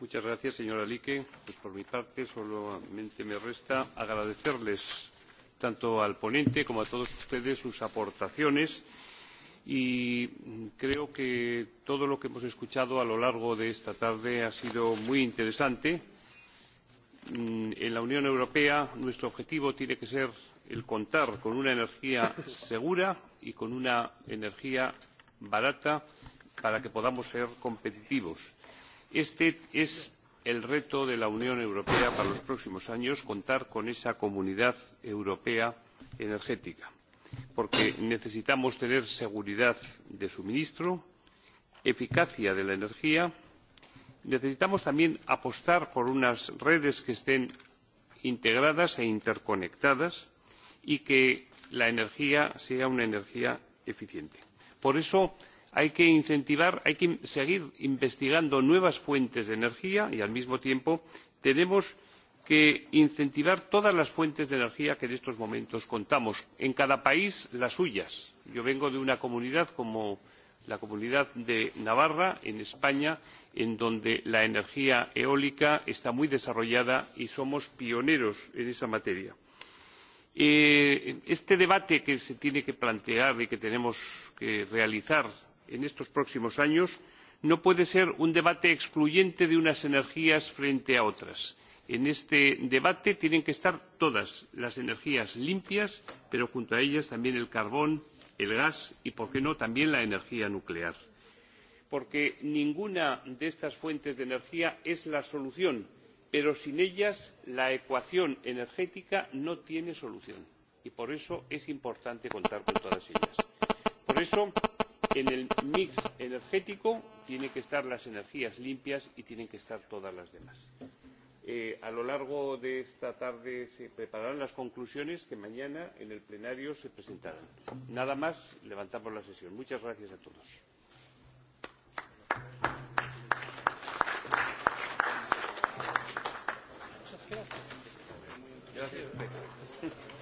Muchas gracias, señora Lique. Pues por mi parte, solamente me resta agradecerles tanto al ponente como a todos ustedes sus aportaciones y creo que todo lo que hemos escuchado a lo largo de esta tarde ha sido muy interesante. Mm, en la Unión Europea nuestro objetivo tiene que ser el contar con una energía segura y con una energía barata para que podamos ser competitivos este es el reto de la unión europea para los próximos años contar con esa comunidad europea energética porque necesitamos tener seguridad de suministro eficacia de la energía necesitamos también apostar por unas redes que estén integradas e interconectadas y que la energía sea una energía eficiente. por eso hay que incentivar hay que seguir investigando nuevas fuentes de energía y al mismo tiempo tenemos que incentivar todas las fuentes de energía con que en estos momentos contamos en cada país las suyas. yo vengo de una comunidad como la comunidad de navarra en españa en donde la energía eólica está muy desarrollada y somos pioneros en esa materia. Eh, este debate que se tiene que plantear y que tenemos que realizar en estos próximos años no puede ser un debate excluyente de unas energías frente a otras. en este debate tienen que estar todas las energías limpias pero junto a ellas también el carbón el gas y por qué no también la energía nuclear porque ninguna de estas fuentes de energía es la solución pero sin ellas la ecuación energética no tiene solución y por eso es importante contar con todas ellas. por eso en el mix energético tienen que estar las energías limpias y tienen que estar todas las demás. Eh, a lo largo de esta tarde se prepararán las conclusiones que mañana en el plenario se presentarán. Nada más, levantamos la sesión. Muchas gracias a todos. Gracias. Gracias.